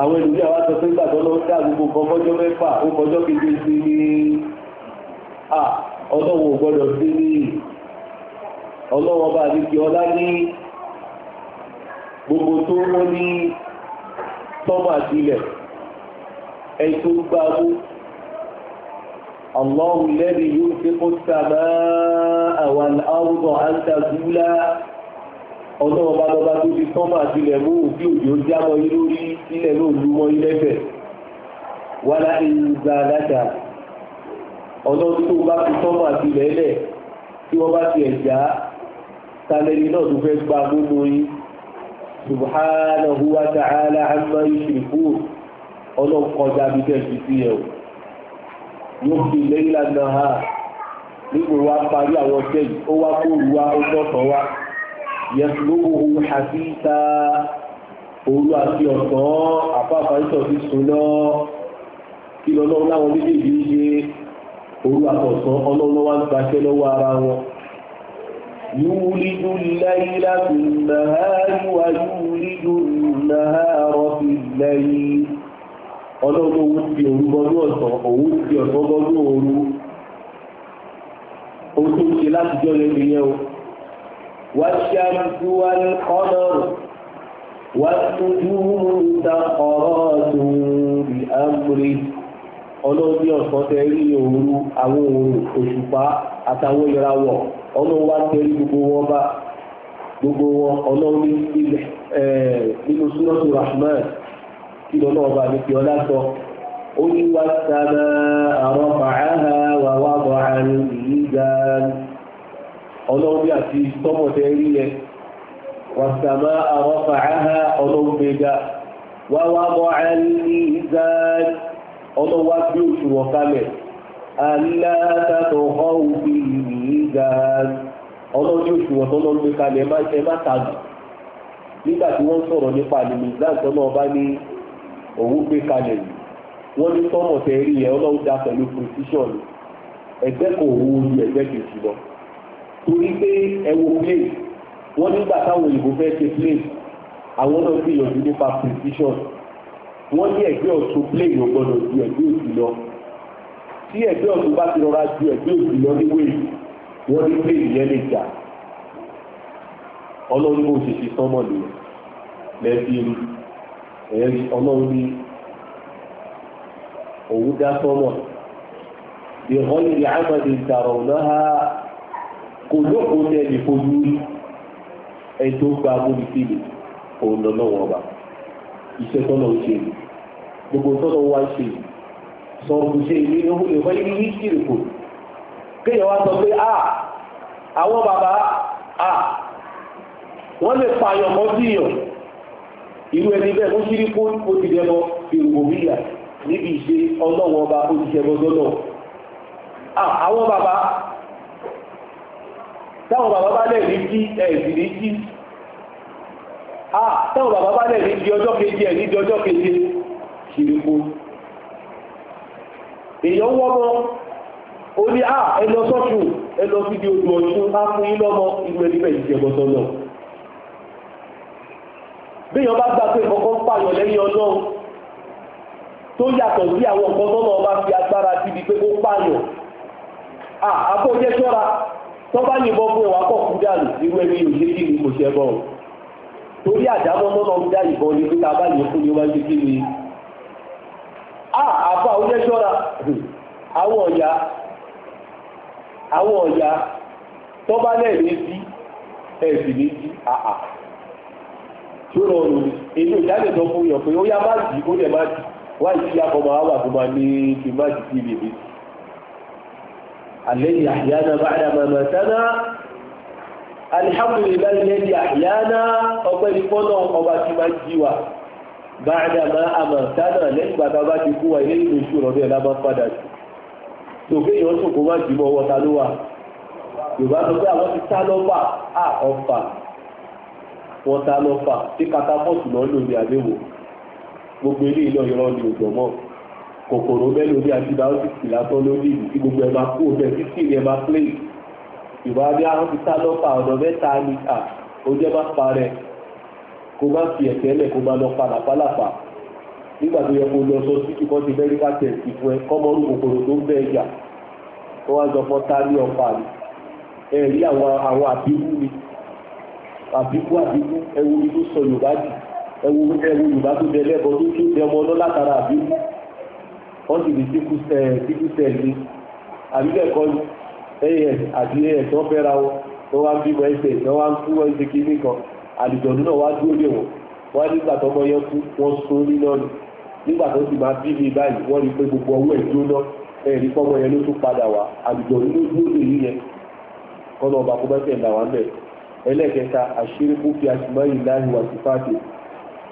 àwọn ìlú àwọn sọ gbàgbọ́ lọ sí àgbègbè kan mẹ́fà ó kọjọ́ kéde sí ní ọlọ́wọ́ gbọ́dọ̀ sí ní ọlọ́wọ́ bá ọlá ní gbogbo tó wọ́n ní tọ́mọ̀ àdílẹ̀ ẹni tó gbá mú Allahu lẹ́rìí yóò ṣe kó sàmá àwọn àwùjọ àǹtàgúlá ọlọ́ọ̀bá lọ́ba tó ti tọ́mọ̀ àdílẹ̀ mú òbí òjò jábọ̀ yí lórí ilẹ̀ náà lú mọ́ ilẹ́fẹ̀ wàlá ìgbà dáta ọlọ́dún tó bá fi bá ti ẹ̀já talẹ́ni náà subhanahu wa ta'ala amma yushrikun ọlọ́run kọjá bí kẹ́ ti fi ẹ̀ o yóò fi lẹ́yìn lánàá ha nígbò wa parí àwọn ṣẹ́ yìí ó wá kóòrù wa ó tọ̀tọ̀ wa yẹtùlógún hasíta òru àti ọ̀tàn àfáàfà ìtọ̀ ti sùn lọ kí lọ́lọ́run láwọn méjèèjì ń ṣe òru àtọ̀sán ọlọ́run ń gbaṣẹ́ lọ́wọ́ ara wọn. يولد الليل في النهار ويولد النهار في الليل ọlọ́gbọ́ owó ti òru bọ́lú ọ̀sán owó ti ọ̀sán bọ́lú òru o tó ṣe láti jọ lẹ́nu yẹn o wá ṣe àmì wá ní tójú ta ọ̀rọ̀ ọ̀tún àmúrí ọlọ́gbọ́ ọ̀sán tẹ́rí òru àwọn òṣùpá àtàwọn ìràwọ̀ ọlọ́run wá tẹ́rí gbogbo wọn bá gbogbo wọn rahman kí lọ́nà ọba ọlá sọ ó ní wá sábà àwọn fàáhà wà wá bọ̀ àrùn yìí gan ọlọ́run àti tọ́mọ̀tẹ́ rí yẹn wà sábà àwọn fàáhà wà ألا تطغوا في الميزان ọlọ́run yóò ṣùwọ̀n tó lọ́n gbé kalẹ̀ ẹ má tàbí nígbà tí wọ́n sọ̀rọ̀ nípa àlùmíìsàn tó náà bá ní òun gbé kalẹ̀ yìí wọ́n ní tọ́mọ̀ tẹ́ rí yẹn ọlọ́run dá pẹ̀lú precision ẹgbẹ́ kò wú orí ẹgbẹ́ kejì lọ torí pé ẹ wo plane wọ́n nígbà táwọn òyìnbó fẹ́ ṣe plane àwọn náà gbìyànjú nípa precision wọ́n ní ẹgbẹ́ ọ̀tún plane ò gbọ́dọ̀ ju ẹgbẹ́ òsì lọ tí ẹ̀gbẹ́ ọ̀tún bá ti rọra ju ẹ̀gbẹ́ òsì lọ ní wéyì wọ́n ní pé ìyẹn lè jà ọlọ́run bó ṣe ṣe sánmọ̀ nìyẹn lẹ́bí ẹ̀rí ọlọ́run ní òun dá sánmọ̀ bí ọ̀hún ní àmàdé ìtàrọ̀ náà kò lóko ní ẹnì fojú rí ẹni tó gba amúnisílẹ̀ òun lọ́nà wọn bá iṣẹ́ tọ́lọ̀ ń ṣe gbogbo tọ́lọ̀ wá ń ṣe yìí sọ̀rọ̀ ṣe ìlú ní ohun ìwọ́n ní ìṣirìkò kéèyàn wá sọ pé à àwọn bàbá à wọ́n lè pààyàn mọ́ sí yàn irú ẹni bẹ́ẹ̀ mú ṣírí kó ó ti dẹmọ ìrùbò bíyà níbi ìṣe ọlọ́wọ́ ọba ó ti ṣẹbọ sọ́dọ̀ àwọn bàbá táwọn bàbá bá lẹ̀ ní kí ẹ̀sì ní kí táwọn bàbá bá lẹ̀ ní di ọjọ́ keje ẹ̀ ní ọjọ́ keje ṣírí èèyàn wọ́n mọ́ ó ní à ẹlọ sọ́tù ẹlọ fídíò ojú ọdún á fún yín lọ́mọ inú ẹni bẹ́ẹ̀ jẹ́ bọ́tọ́ náà béèyàn bá gbà pé kọ́kọ́ ń pààyàn lẹ́yìn ọlọ́run tó yàtọ̀ sí àwọn nǹkan tó náà bá fi agbára síbi pé kó pààyàn à àkójẹ́ ṣọ́ra tó bá yìnbọn fún ẹwà kọ̀ kú dànù irú ẹni yóò ṣe kí ni kò ṣẹ́ bọ̀ torí àdámọ́ náà ń dá ìbọn ní pé tá a bá yẹ fún ni wọ́n ṣe kí ni Ah, àbá oníṣọ́ra àwọn ọ̀yà àwọn ọ̀yà tó bá lẹ́ẹ̀lẹ́ sí ẹ̀sì méjì àà tí ó rọrùn inú ìjáde tó fún yàn pé ó yá máa jì ó lẹ̀ máa jì wá ìsí akọmọ àwà tó máa ní kí máa jì sí ọgbẹ́ni fọ́nà ọba tí wa báyìí àmà àmà tánà lẹ́yìn bàtà bá ti kú wa ilé ìlú oṣù rọ̀bẹ̀ lábá padà sí tòkè yẹn sùn kó má jù mọ́ wọta ló wà yorùbá sọ pé àwọn ti tá lọ́fà à ọ̀fà wọ́n tá lọ́fà tí katapọ́ọ̀tù náà lò ní àléwò gbogbo ilé iná ìrọ̀ ni òjò mọ́ kòkòrò mẹ́lò lórí ìlú tí gbogbo ẹ̀ kú ọ̀bẹ kó má fi ẹ̀tẹ́ lẹ̀ kó má lọ pa làpálàpá nígbà tó yẹ kó lọ sọ títí kan ti mẹ́ríkà tẹ̀sí fún ẹ kọ́mọ́rú kòkòrò tó ń bẹ́ ẹ̀jà kó wá sọ fọ́ tá ní ọ̀pá ni ẹ rí àwọn àwọn àbíkú ni àbíkú àbíkú ẹwu ni tó sọ Yorùbá jù ẹwu ẹwu Yorùbá tó bẹ lẹ́bọ tó tó bẹ ọmọ ọlọ́ látara àbíkú wọ́n sì lè síkú sẹ́ẹ̀ ní àbíkẹ́kọ́ as àti as wọ́n fẹ́ra wọn wọ́n wá bímọ ẹsẹ̀ wọ́n wá ń kú ẹsẹ̀ kìíní kan àlùjọ̀nù náà wá dúró lé wọn wọ́n nígbà tó mọ́yán kú wọ́n sún rí lọ́nà nígbà tó sì máa bí mi báyìí wọ́n rí pé gbogbo ọwọ́ ẹ̀ jóná ẹ̀rí pọ́mọ yẹn ló tún padà wá àlùjọ̀nù ló dúró lé yìí yẹn kọ́nà ọba kó bẹ́sẹ̀ ńlá wa ń bẹ̀ ẹlẹ́kẹta àṣírí kú fi àtìmọ́yìn láàyè wà sí fáàtì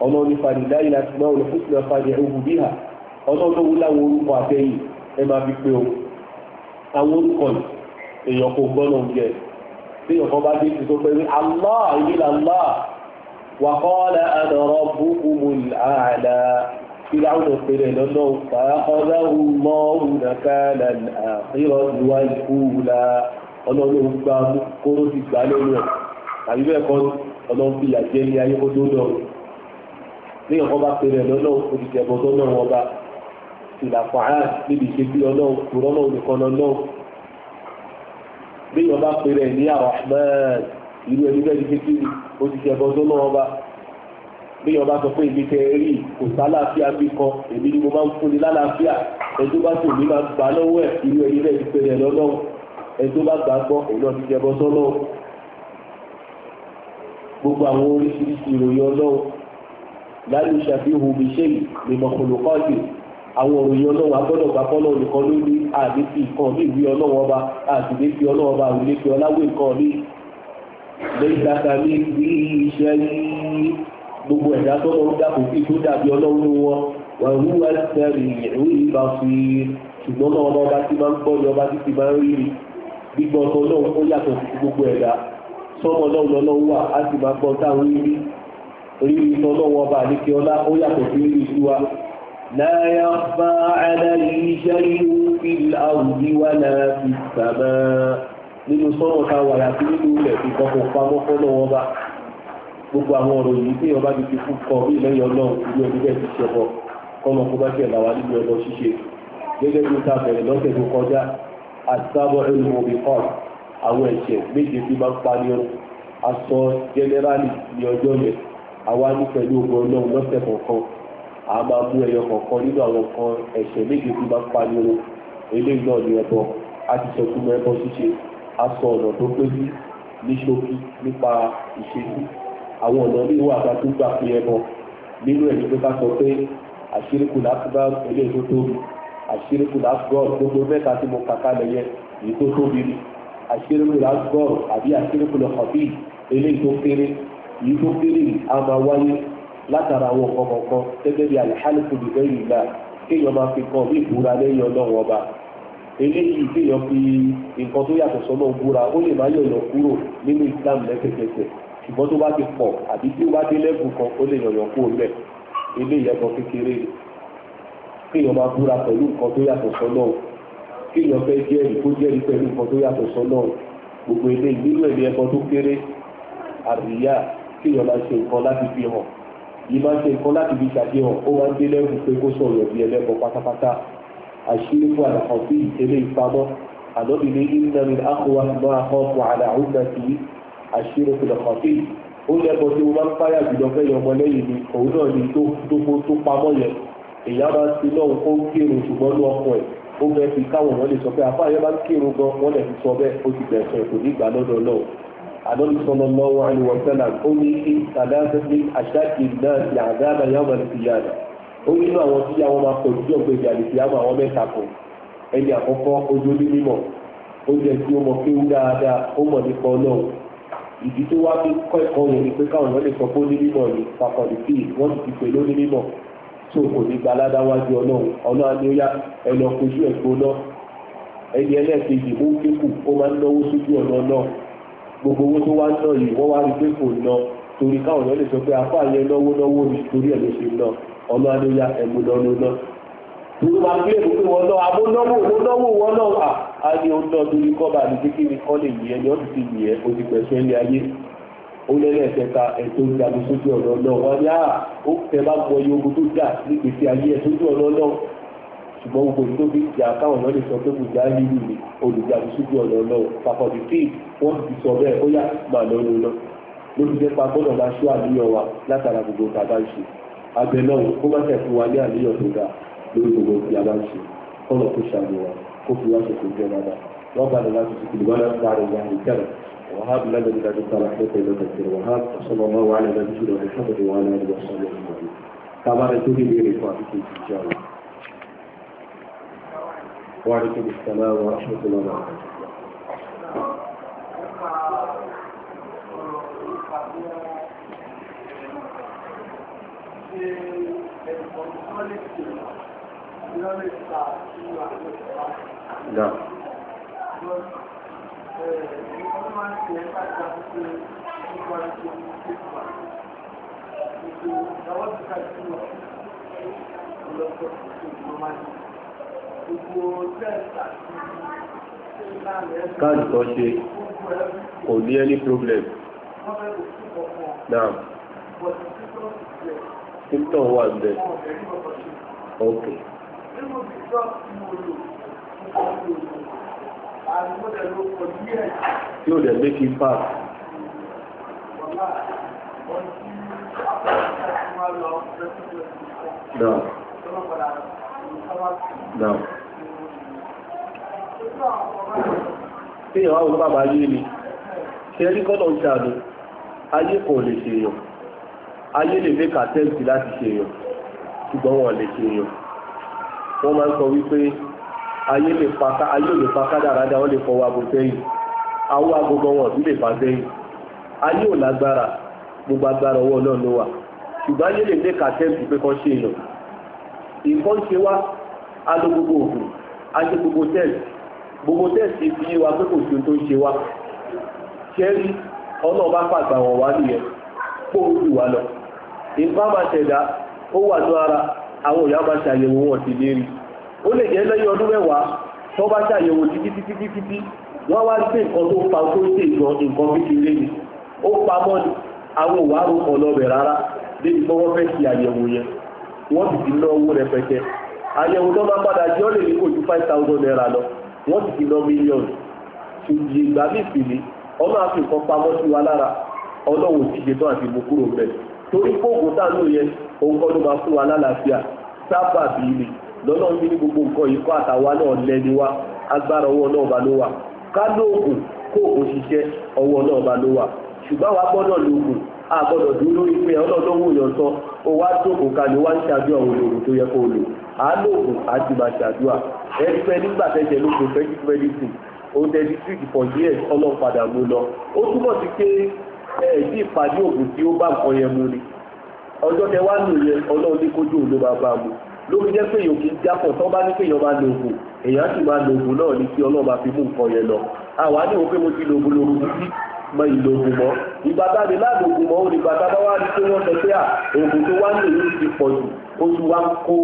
ọ̀nà onífàdí láyé láti máa wọlé fúnṣẹ́ fàdí ẹ̀hùn bíhà ọ̀nà olówó láwọn orúkọ àtẹ̀yìn ẹ máa tí ọkọ̀ bá dé ti tó pé ní allah ìlú allah wà kọ́lá àdọ̀rọ̀ búkúmù àlà ilé àwọn òpèrè lọ́nà fàákọ́lá mọ́ òrùnàká àkírọ̀ ìwà ìkúùlà ọlọ́run gba kóró ti gbà lórí ẹ̀ àbí bẹ́ẹ̀ kọ́ ọlọ́run fi yàjẹ́ ní ayé pèrè lọ́nà òdìjẹ́bọ̀ lọ́nà níbi ìṣe ọlọ́run kúrọ́nà òdìkan lọ́nà bí yọba pèrè ní Ar-Rahman ìlú ẹni bẹ́ẹ̀ ni kékeré ó ti ṣẹ̀bọ tó lọ́wọ́ bá bí yọba sọ pé ibi tẹ rí kò sálàáfíà bí kan èmi ni mo máa ń fúnni lálàáfíà ẹjọ́ bá tò mí máa gbà lọ́wọ́ ẹ̀ ìlú ẹni bẹ́ẹ̀ ni pèrè lọ́nà ẹjọ́ bá gbà gbọ́ òun náà ti ṣẹ̀bọ sọ́nà gbogbo àwọn oríṣiríṣi ìròyìn ọlọ́run láyé ìṣàfihàn òbí ṣe àwọn òròyìn ọlọ́wọ́ agbọ́dọ̀ gbà bọ́lọ̀ nìkan ló ní àbí fi nǹkan ní ìwé ọlọ́wọ́ ọba àtìlé fi ọlọ́wọ́ ọba òrùlé fi ọláwé nǹkan ní lẹ́yìn dáadáa ní bí iṣẹ́ ní gbogbo ẹ̀dá tó lọ́wọ́ dàpọ̀ sí tó dàbí ọlọ́run wọn wọ́n rú ẹ̀sẹ̀rì ìrú ìbá fi ṣùgbọ́n náà ọmọ ọba tí máa ń gbọ́ ni ọba tí ti máa ń rí gbígbọ́ ọ̀tọ̀ náà ó yàtọ̀ sí gbogbo ẹ̀dá sọ́mọ náà lọ́lọ́wọ́ wà á sì máa gbọ́ táwọn rí rí ìtọ́ náà wọn ọba àdékè ọlá ó yàtọ̀ sí rí ìtura لا يخفى عليه شيء في الأرض ولا في السماء nínú sọ́rọ̀ ta wà láti nínú ilẹ̀ fi kọ́kọ́ pamọ́ fọ́nà wọn bá gbogbo àwọn ọ̀rọ̀ yìí tí ọba ti fi fún kọ bí lẹ́yìn ọlọ́run ìlú ẹbí bẹ́ẹ̀ ti ṣẹbọ kọ́mọ kó bá ṣe làwà nínú ẹbọ ṣíṣe gẹ́gẹ́ bí ta bẹ̀rẹ̀ lọ́sẹ̀ tó kọjá àtàbọ̀ ẹnu omi kọ́ àwọn ẹ̀ṣẹ̀ méje tí máa ń pani ọrùn aṣọ jẹnẹrálì ní ọjọ́ yẹn àwa ní pẹ̀lú ogun ọlọ́run lọ́sẹ̀ kọ̀ọ̀kan a máa mú ẹyọ kọ̀ọ̀kan nínú àwọn kan ẹ̀ṣẹ̀ méje tí máa ń pariwo eléyìí náà ni ẹbọ a ti sọ fún ẹbọ ṣíṣe a sọ ọ̀nà tó pé sí ní ṣókí nípa ìṣesí àwọn ọ̀nà ní ìwà àgbà tó gbà pé ẹbọ nínú ẹ̀mí pé ká sọ pé àṣírìkù lákúbá eléyìí tó tóbi àṣírìkù lákúbá gbogbo mẹ́ta tí mo kà kalẹ̀ yẹ èyí tó tóbi ni àṣírìkù lákúbá àbí àṣírìkù lọ́kàn bíi eléyìí tó kéré èyí tó kéré yìí á máa wáyé látara àwọn nǹkan kọ̀ọ̀kan gẹ́gẹ́ bí alihalifu bìbẹ́ yìí náà kéèyàn máa fi kan bí ìbúra lẹ́yìn ọlọ́run ọba eléyìí kéèyàn fi nǹkan tó yàtọ̀ sọ́nà òbúra ó lè má yọ̀yọ̀ kúrò nínú Islam lẹ́sẹ̀kẹsẹ̀ ṣùgbọ́n tó bá ti pọ̀ àbí tí ó bá dé lẹ́bù kan ó lè yọ̀yọ̀ kúrò mẹ́ eléyìí ẹ̀kọ́ kékeré ni kéèyàn máa búra pẹ̀lú nǹkan tó yàtọ̀ sọ́nà kéèyàn fẹ́ jẹ́rìí kó jẹ́rìí pẹ̀lú nǹkan tó yàtọ̀ sọ́nà gbogbo eléyìí nínú ẹ̀mí tó kéré àríyá kéèyàn máa ṣe nǹkan láti fi hàn ìmọ̀ ṣe nǹkan láti fi ṣàfihàn ó wá ń dé lẹ́rù pé kó sọ̀rọ̀ bí ẹlẹ́bọ pátápátá àṣírí fún àlàkàn sí ìtẹ́lẹ̀ ìpamọ́ ànábì ní ìnáni àkọwà máa hàn fún àlàáhùn náà sí àṣírí fún àlàkàn sí ó lẹ́bọ tí mo máa ń páyà jùlọ fẹ́yìn ọmọ lẹ́yìn mi òun náà ni tó tó pamọ́ yẹn èyí á máa ti náà kó kírun ṣùgbọ́n ní ọkọ̀ ẹ̀ ó fẹ́ fi káwọn wọn lè sọ pé àfáà yẹn máa ń kírun gan wọn lè fi sọ bẹ́ẹ̀ ó ti bẹ̀ẹ̀ àdọ́lù sallallahu alaihi wa sallam ó ní kí sàdáńsẹ́ ní aṣáàkì náà ti àdáàbà yàmà ní ìyáàdà ó nínú àwọn tí àwọn máa pọ̀ jù ọ̀gbẹ̀gbẹ̀ àdìsí àmọ́ àwọn mẹ́ta kan ẹni àkọ́kọ́ ojú ní mímọ̀ ó jẹ́ tí ó mọ pé ó dáadáa ó mọ̀ nípa ọlọ́run ìdí tó wá fi kọ́ ẹ̀kọ́ yẹn ni pé káwọn èèyàn lè sọ pé ó ní mímọ̀ ni pàkàndì sí wọ́n ti pè lóní mímọ̀ tó kò ní gba aládáwájú ọlọ́run ọlọ́run ni ó yá ẹ̀nà kojú ẹ̀gbọ́n náà ẹni ẹlẹ́ẹ̀kejì ó kékù ó máa ń náwó sójú ọ̀nà náà gbogbo owó tó wá ń ná yìí wọ́n wá rí pé kò ná torí káwọn èèyàn lè sọ pé apá yẹn náwó náwó ni torí ẹ̀ ló ṣe ná ọmọ adóyá ẹ̀mú lọ́nà ná. Gbogbo máa gbé èbú pé wọ́n lọ abónáwó òwónáwó wọn náà à á ní ohun náà torí kọ́ba àti kékeré kọ́ lè yẹ ẹni ọ́sì ti yẹ o ti pẹ̀sọ́ ilé ayé. Ó lẹ́lẹ̀ ẹ̀kẹta ẹ̀tọ́ ìdàgbàsókè ọ̀nà náà wọ́n ní ó fẹ́ ṣùgbọ́n gbogbo tó fi jà káwọn náà lè sọ pé kò já lílu ni olùjàdù síbi ọ̀nà náà pàkọ́dì tí wọ́n ti sọ bẹ́ẹ̀ ó yà máa lọ lọ náà ló fi jẹ́ gbọ́dọ̀ máa ṣó àníyàn wa látara gbogbo tá a bá ń ṣe abẹ náà kó má tẹ̀ fún wa ní àníyàn tó dáa lórí gbogbo tí a bá ń ṣe kọ́nà kó ṣàmì wa kó fi wá ṣe kó jẹ́ dáadáa wọ́n bá lọ́la tuntun kìlì wọ́n náà sáré wa ní kẹ́rẹ̀ وهاب لنا من أجل صلاح نتيجة تكفير وهاب وصلى الله على نبينا محمد وعلى آله وصحبه أجمعين. كما نتوهي بإرفاقك إن شاء الله. وعليكم السلام ورحمة الله وبركاته لا Thank you káàdì kan ṣe kò ní any problem now symptom wà ń bẹ ok. yóò dẹ̀ méjì pass. náà náà tí ìyàn àwọn bàbá ayé ni ṣe rí kọ́nà ń ṣàdó ayé kò lè ṣe èèyàn ayé lè make attempt láti ṣe èèyàn ṣùgbọ́n wọn lè ṣe èèyàn wọ́n máa ń sọ wípé ayé lè paka ayé ò lè paka dáradára wọ́n lè fọwọ́ abo sẹ́yìn awó agogo wọn sì lè fà sẹ́yìn ayé ò lágbára gbogbo agbára ọwọ́ náà aló gbogbo òògùn àti gbogbo test gbogbo test ti fi wa pé kò sí tó ń ṣe wa ṣẹ́rí ọlọ́ọ̀bá pàgbà wọ̀n wá nìyẹn kó o jù lọ nǹkan máa ṣẹ̀dá ó wà ní ara àwọn òyà máa ṣàyẹ̀wò wọn sì lè ó lè jẹ́ lẹ́yìn ọdún mẹ́wàá tó bá ṣàyẹ̀wò wọ́n pa tó ṣe nǹkan ni ó ni àwọn òwà rárá débi wọ́n fẹ́ àyẹ̀wò tó máa padà jẹ́ ọ́ lè ní kò ju five thousand naira lọ wọ́n sì ti lọ mílíọ̀nù ṣùgbọ́n ìgbà mí ìpìlẹ̀ ọmọ àfi nǹkan pamọ́ sí wa lára ọlọ́wọ́ òjijì tó àti mú kúrò bẹ́ẹ̀ torí kóògùn tá ló yẹ òun kọ́ ló máa fún wa lálàáfíà sábà bí ilé lọ́nà ń bí ní gbogbo nǹkan yìí kọ́ àtàwa náà lẹ́ni wá agbára ọwọ́ náà bá ló wà ká lóògùn kóògùn ṣiṣẹ́ ọwọ́ náà bá ló wà ṣùgbọ́n àwa gbọ́dọ̀ lóògùn àgbọ̀dọ̀ dúró lórí pé ọlọ́dọ́wọ́ o wá jókòó kalẹ̀ wá ń ṣàdúrà àwọn olóró tó yẹ kó o lò á lóògùn á ti máa ṣàdúrà ẹgbẹ́ nígbà tẹ̀jẹ̀ ló prophetic medicine o thirty six for years ọlọ́padà mú lọ ó túmọ̀ sí pé ẹ̀ẹ́dì ìpàdé òògùn tí ó bá nǹkan yẹn mú ni ọjọ́ tẹ wá lò yẹn ọlọ́run ní kójú òun ló máa bá mu lórí jẹ́ pé èèyàn kì í jápọ̀ tó bá ní pé èèyàn máa lo òògùn èèyàn sì máa lo òògùn náà ní kí ọlọ́run máa fi mú nǹkan yẹn lọ àwa ní òun pé mo ti lo òògùn lóru títí mọ ìlògùn mọ́ ìgbà tá a lè láàlògùn mọ́ òdìgbà tá a bá wá rí pé wọ́n sọ pé à oògùn tó wá ń lò yìí ti pọ̀ jù ó tún wá ń kó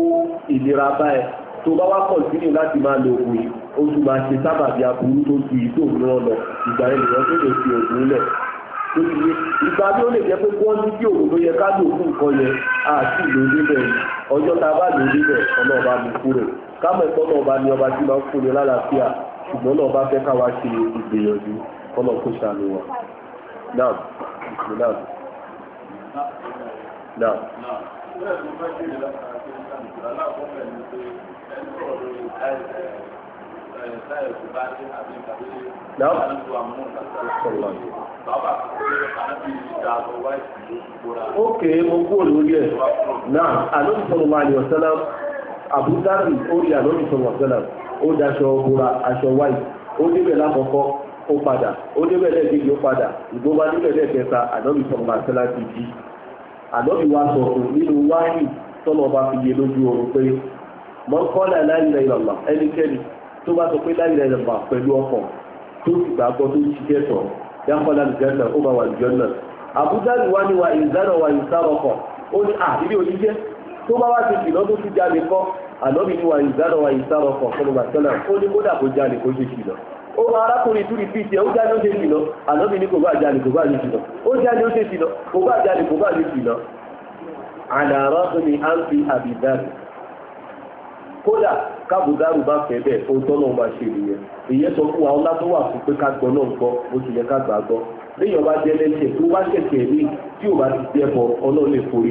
ìlera bá ẹ tó bá wá kọ̀ǹtínú láti máa lo òògùn yìí ó tún máa ṣe sábàbí aburú tó ju ìtò mìíràn lọ ìgbà yẹn nìyẹn tó lè fi òògùn lẹ̀ tó ìgbà tí ó lè jẹ́ pé wọ́n ní kí òògùn tó yẹ ká lò fún nǹkan yẹn àti ìlò níbẹ̀ ọjọ́ tá a bá lò níbẹ̀ ọ̀nà ọba mi kúrò kámọ̀ ẹ̀kọ́ náà ọba ni ọba tí máa ń fúnni lálàáfíà ṣùgbọ́n náà ọba fẹ́ káwa ṣe ìgbìyànjú kọ́lọ̀ kó ṣàánú wa náà náà náà. Ok, mo kúrò lórí ẹ̀. Náà, àlóbi sọ̀rọ̀ máa lè ọ̀sẹ́lá, àbúdárì ó rí àlóbi sọ̀rọ̀ ọ̀sẹ́lá, ó daṣọ ọgbọ́ra, aṣọ wáìtì, ó débẹ̀ lákọ̀ọ́kọ́, ó padà ó débẹ̀lẹ̀ kejì ó padà ìgbó bá débẹ̀lẹ̀ kẹta ànábì sọ̀rọ̀ àtẹ́lá ti jí ànábì wa sọ̀rọ̀ nínú wáyì tọ́lọ̀ bá fi yé lójú oorun pé mọ́kànlá láìlẹ̀ ìlànà ẹnikẹ́ni tó bá sọ pé láìlẹ̀ ìlànà pẹ̀lú ọkàn tó sì gbàgbọ́ tó ti kẹ́tọ̀ dákọ́lá lùjọ́nà ó bá wà lùjọ́nà àbújá ni wá ní wa ìzánà wa ìsárọkọ̀ ó ní àbílẹ̀ ah, oníjẹ́ tó bá wá ti kìlọ́ tó ti jáde kọ́ ànábì ni wa ìzánà wa ìsárọkọ̀ fọlọ́gbàtọ́lá ó ní kódà kó jáde kó ṣe kìlọ̀ ó máa arákùnrin tó rí fi ìtẹ́ ó jáde ó ṣe jùlọ ànábì ní kò bá jalè kò bá lè jùlọ ó jáde ó ṣe jùlọ kò bá jalè kò bá lè jùlọ àlàrọ́ tó ní à ń fi àbìdárì kódà kábùdárù bá fẹ́ bẹ́ẹ̀ ó tọ́ náà máa ṣe nìyẹn ìyẹn sọ fún wa ọlá tó wà fún pé ká gbọ́ náà gbọ́ ó ti yẹ ká gbà gbọ́ léèyàn bá jẹ́ lẹ́sẹ̀ tó bá ṣẹ̀ṣẹ̀ mí tí ò bá ti jẹ́ bọ ọlọ́run lè forí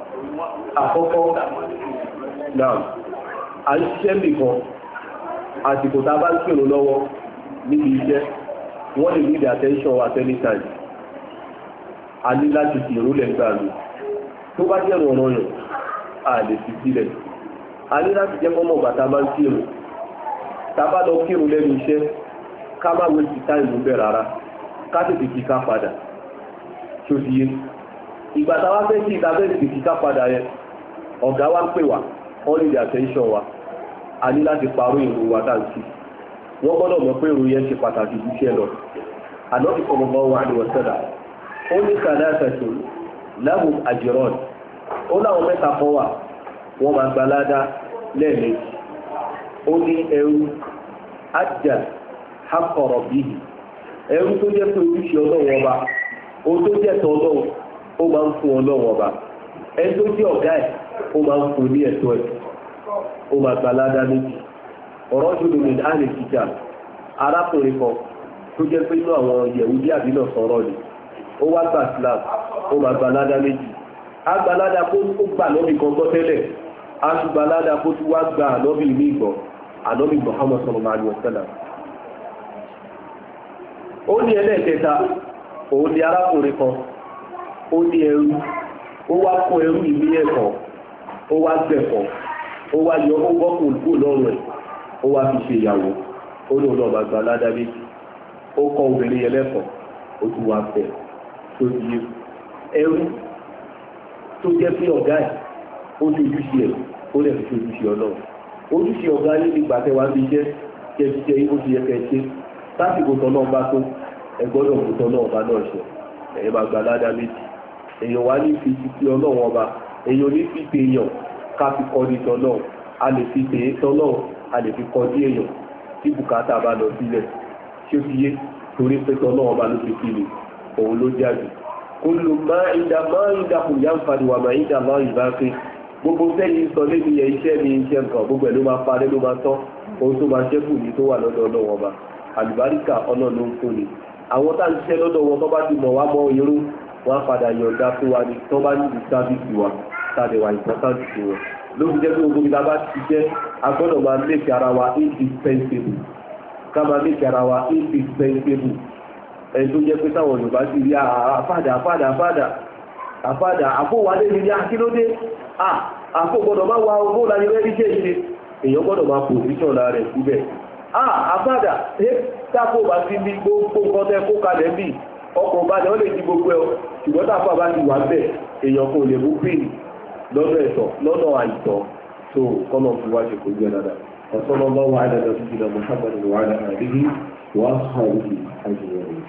àkọ́kọ́ náà a ń ṣiṣẹ́ nìkan àsìkò tá a bá ń kírun lọ́wọ́ níbi iṣẹ́ wọ́n lè attention at any time a ní láti fi ìrúlẹ̀ gbà mí tó bá jẹ́ ọ̀rọ̀ yàn a lè fi sílẹ̀ a ní láti jẹ́ kọ́mọ̀ gbà tá a bá ń kírun tá a bá lọ kírun lẹ́nu iṣẹ́ ká má wé ti táìmù rárá ká tètè ìgbà tá wá fẹ́ kí ìtafẹ́ ìgbìkítà padà yẹn ọ̀gá wá pè wá attention wa a ní láti parọ́ ìrù wa táǹkì wọ́n gbọ́dọ̀ mọ̀ pé ìrù yẹn ṣe pàtàkì jù sí ẹ lọ ànọ́bì kọ̀mọ̀kọ́ wà ní ọ̀sẹ̀dà ó ní sàdá ẹ̀fẹ̀sọ̀ láhùn àjẹrọ́ọ̀nì ó láwọn mẹ́ta kan wà wọ́n máa gba ládá lẹ́ẹ̀mejì ó ní ẹrú ájà hákọ̀rọ̀ bíi ẹrú tó jẹ́ pé ojúṣe ọlọ́wọ́ ọba ó tó jẹ́ tọ́ ọlọ́wọ́ ó máa ń fún ọlọ́run ọba ẹni tó jẹ́ ọ̀gá ẹ̀ ó máa ń fún ní ẹ̀tọ́ gba ládá méjì ọ̀rọ̀ jùlọ ní àlè kíjà arákùnrin kan tó jẹ́ pé inú àwọn yẹ̀wúdí àbínà sọ̀rọ̀ ni ó wá gbà ó máa gba ládá méjì á gba ládá kó ó gbà lọ́bì kan gbọ́ tẹ́lẹ̀ á tún gba ládá kó tún wá ní ìgbọ̀ ó ní ẹrú ó wá kó ẹrú ìní ẹ̀kọ́ ó wá gbẹ̀kọ́ ó wá yọ ó bọ́kù olugbo lọ́rùn ẹ̀ ó wá fi ṣe ìyàwó ó ní ọ̀nà ọ̀gbàgbà aládàbí ó kọ́ obìnrin yẹn lẹ́kọ̀ọ́ ó ti wá fẹ́ tó di ẹrú tó jẹ́ pé ọ̀gá ẹ̀ ó ojúṣe ẹ̀ ó fi ṣe ojúṣe ọlọ́run ojúṣe ọ̀gá yìí nígbà tẹwàá bí jẹ́ kẹfíṣẹ́ yìí ó ti yẹ kẹṣẹ́ si tọ́lọ́ọ̀bá tó ẹgbọ́dọ̀ kò tọ́lọ́ọ̀bá náà èèyàn wá ní fi ti ọlọ́run ọba èèyàn ní fi pe èèyàn ká fi kọ́ ní tọ́lọ́run a lè fi pè é tọ́lọ́run a lè fi kọ́ ní èèyàn tí bùkátà bá lọ sílẹ̀ ṣé fi yé torí pé tọ́lọ́run ọba ló fi kí ni òun ló jáde kúlù máa ń da máa ń da kù yáǹfààní wà máa ń da máa ń bá pé gbogbo sẹ́yìn sọ lébi yẹn iṣẹ́ mi iṣẹ́ nǹkan gbogbo ẹ̀ ló máa parẹ́ ló máa tán ohun tó máa ṣẹ́kù ní tó wà lọ́dọ̀ ọlọ́wọ́ ọba àlùbáríkà ọlọ́run ló ń fún ni àwọn tá à ń ṣiṣẹ́ lọ́dọ̀ wọn tó bá ti mọ̀ wá mọ́ irú wọ́n padà yọ̀dá fún wa ní tó bá níbi sáfíìsì wa tàbí wà ìpọ́sáǹtì sí wọn ló fi jẹ́ pé ogun ìta bá ti jẹ́ agbọ́dọ̀ máa méjì ara wa indispensable ká máa méjì ara wa indispensable ẹni tó jẹ́ pé táwọn Yorùbá ti rí àfàdà àfàdà àfàdà àfàdà àfòwálé ni ní akílódé àfògbọ́dọ̀ máa wa owó láyé rẹ́rí jẹ́ ìṣe èèyàn gbọ́dọ̀ máa pòsíṣàn lára rẹ̀ síbẹ̀ àfàdà tákò bá sí ní gbogbo nǹkan tẹ́ kó kalẹ̀ bí ọkọ̀ balẹ̀ ó lè di gbogbo ẹ̀ ṣùgbọ́n tá a fà bá ti wà bẹ́ẹ̀ èèyàn kò lè mú pín lọ́nà ẹ̀tọ́ lọ́nà àìtọ́ tó kọ́nà fún wa ṣe kò gbé dáadáa ọ̀sán lọ́wọ́ àdàdà tó ti dà mọ́ sábà nínú wàhálà àdéhìí wàá sọ̀rọ̀ àjùmọ̀ rẹ̀.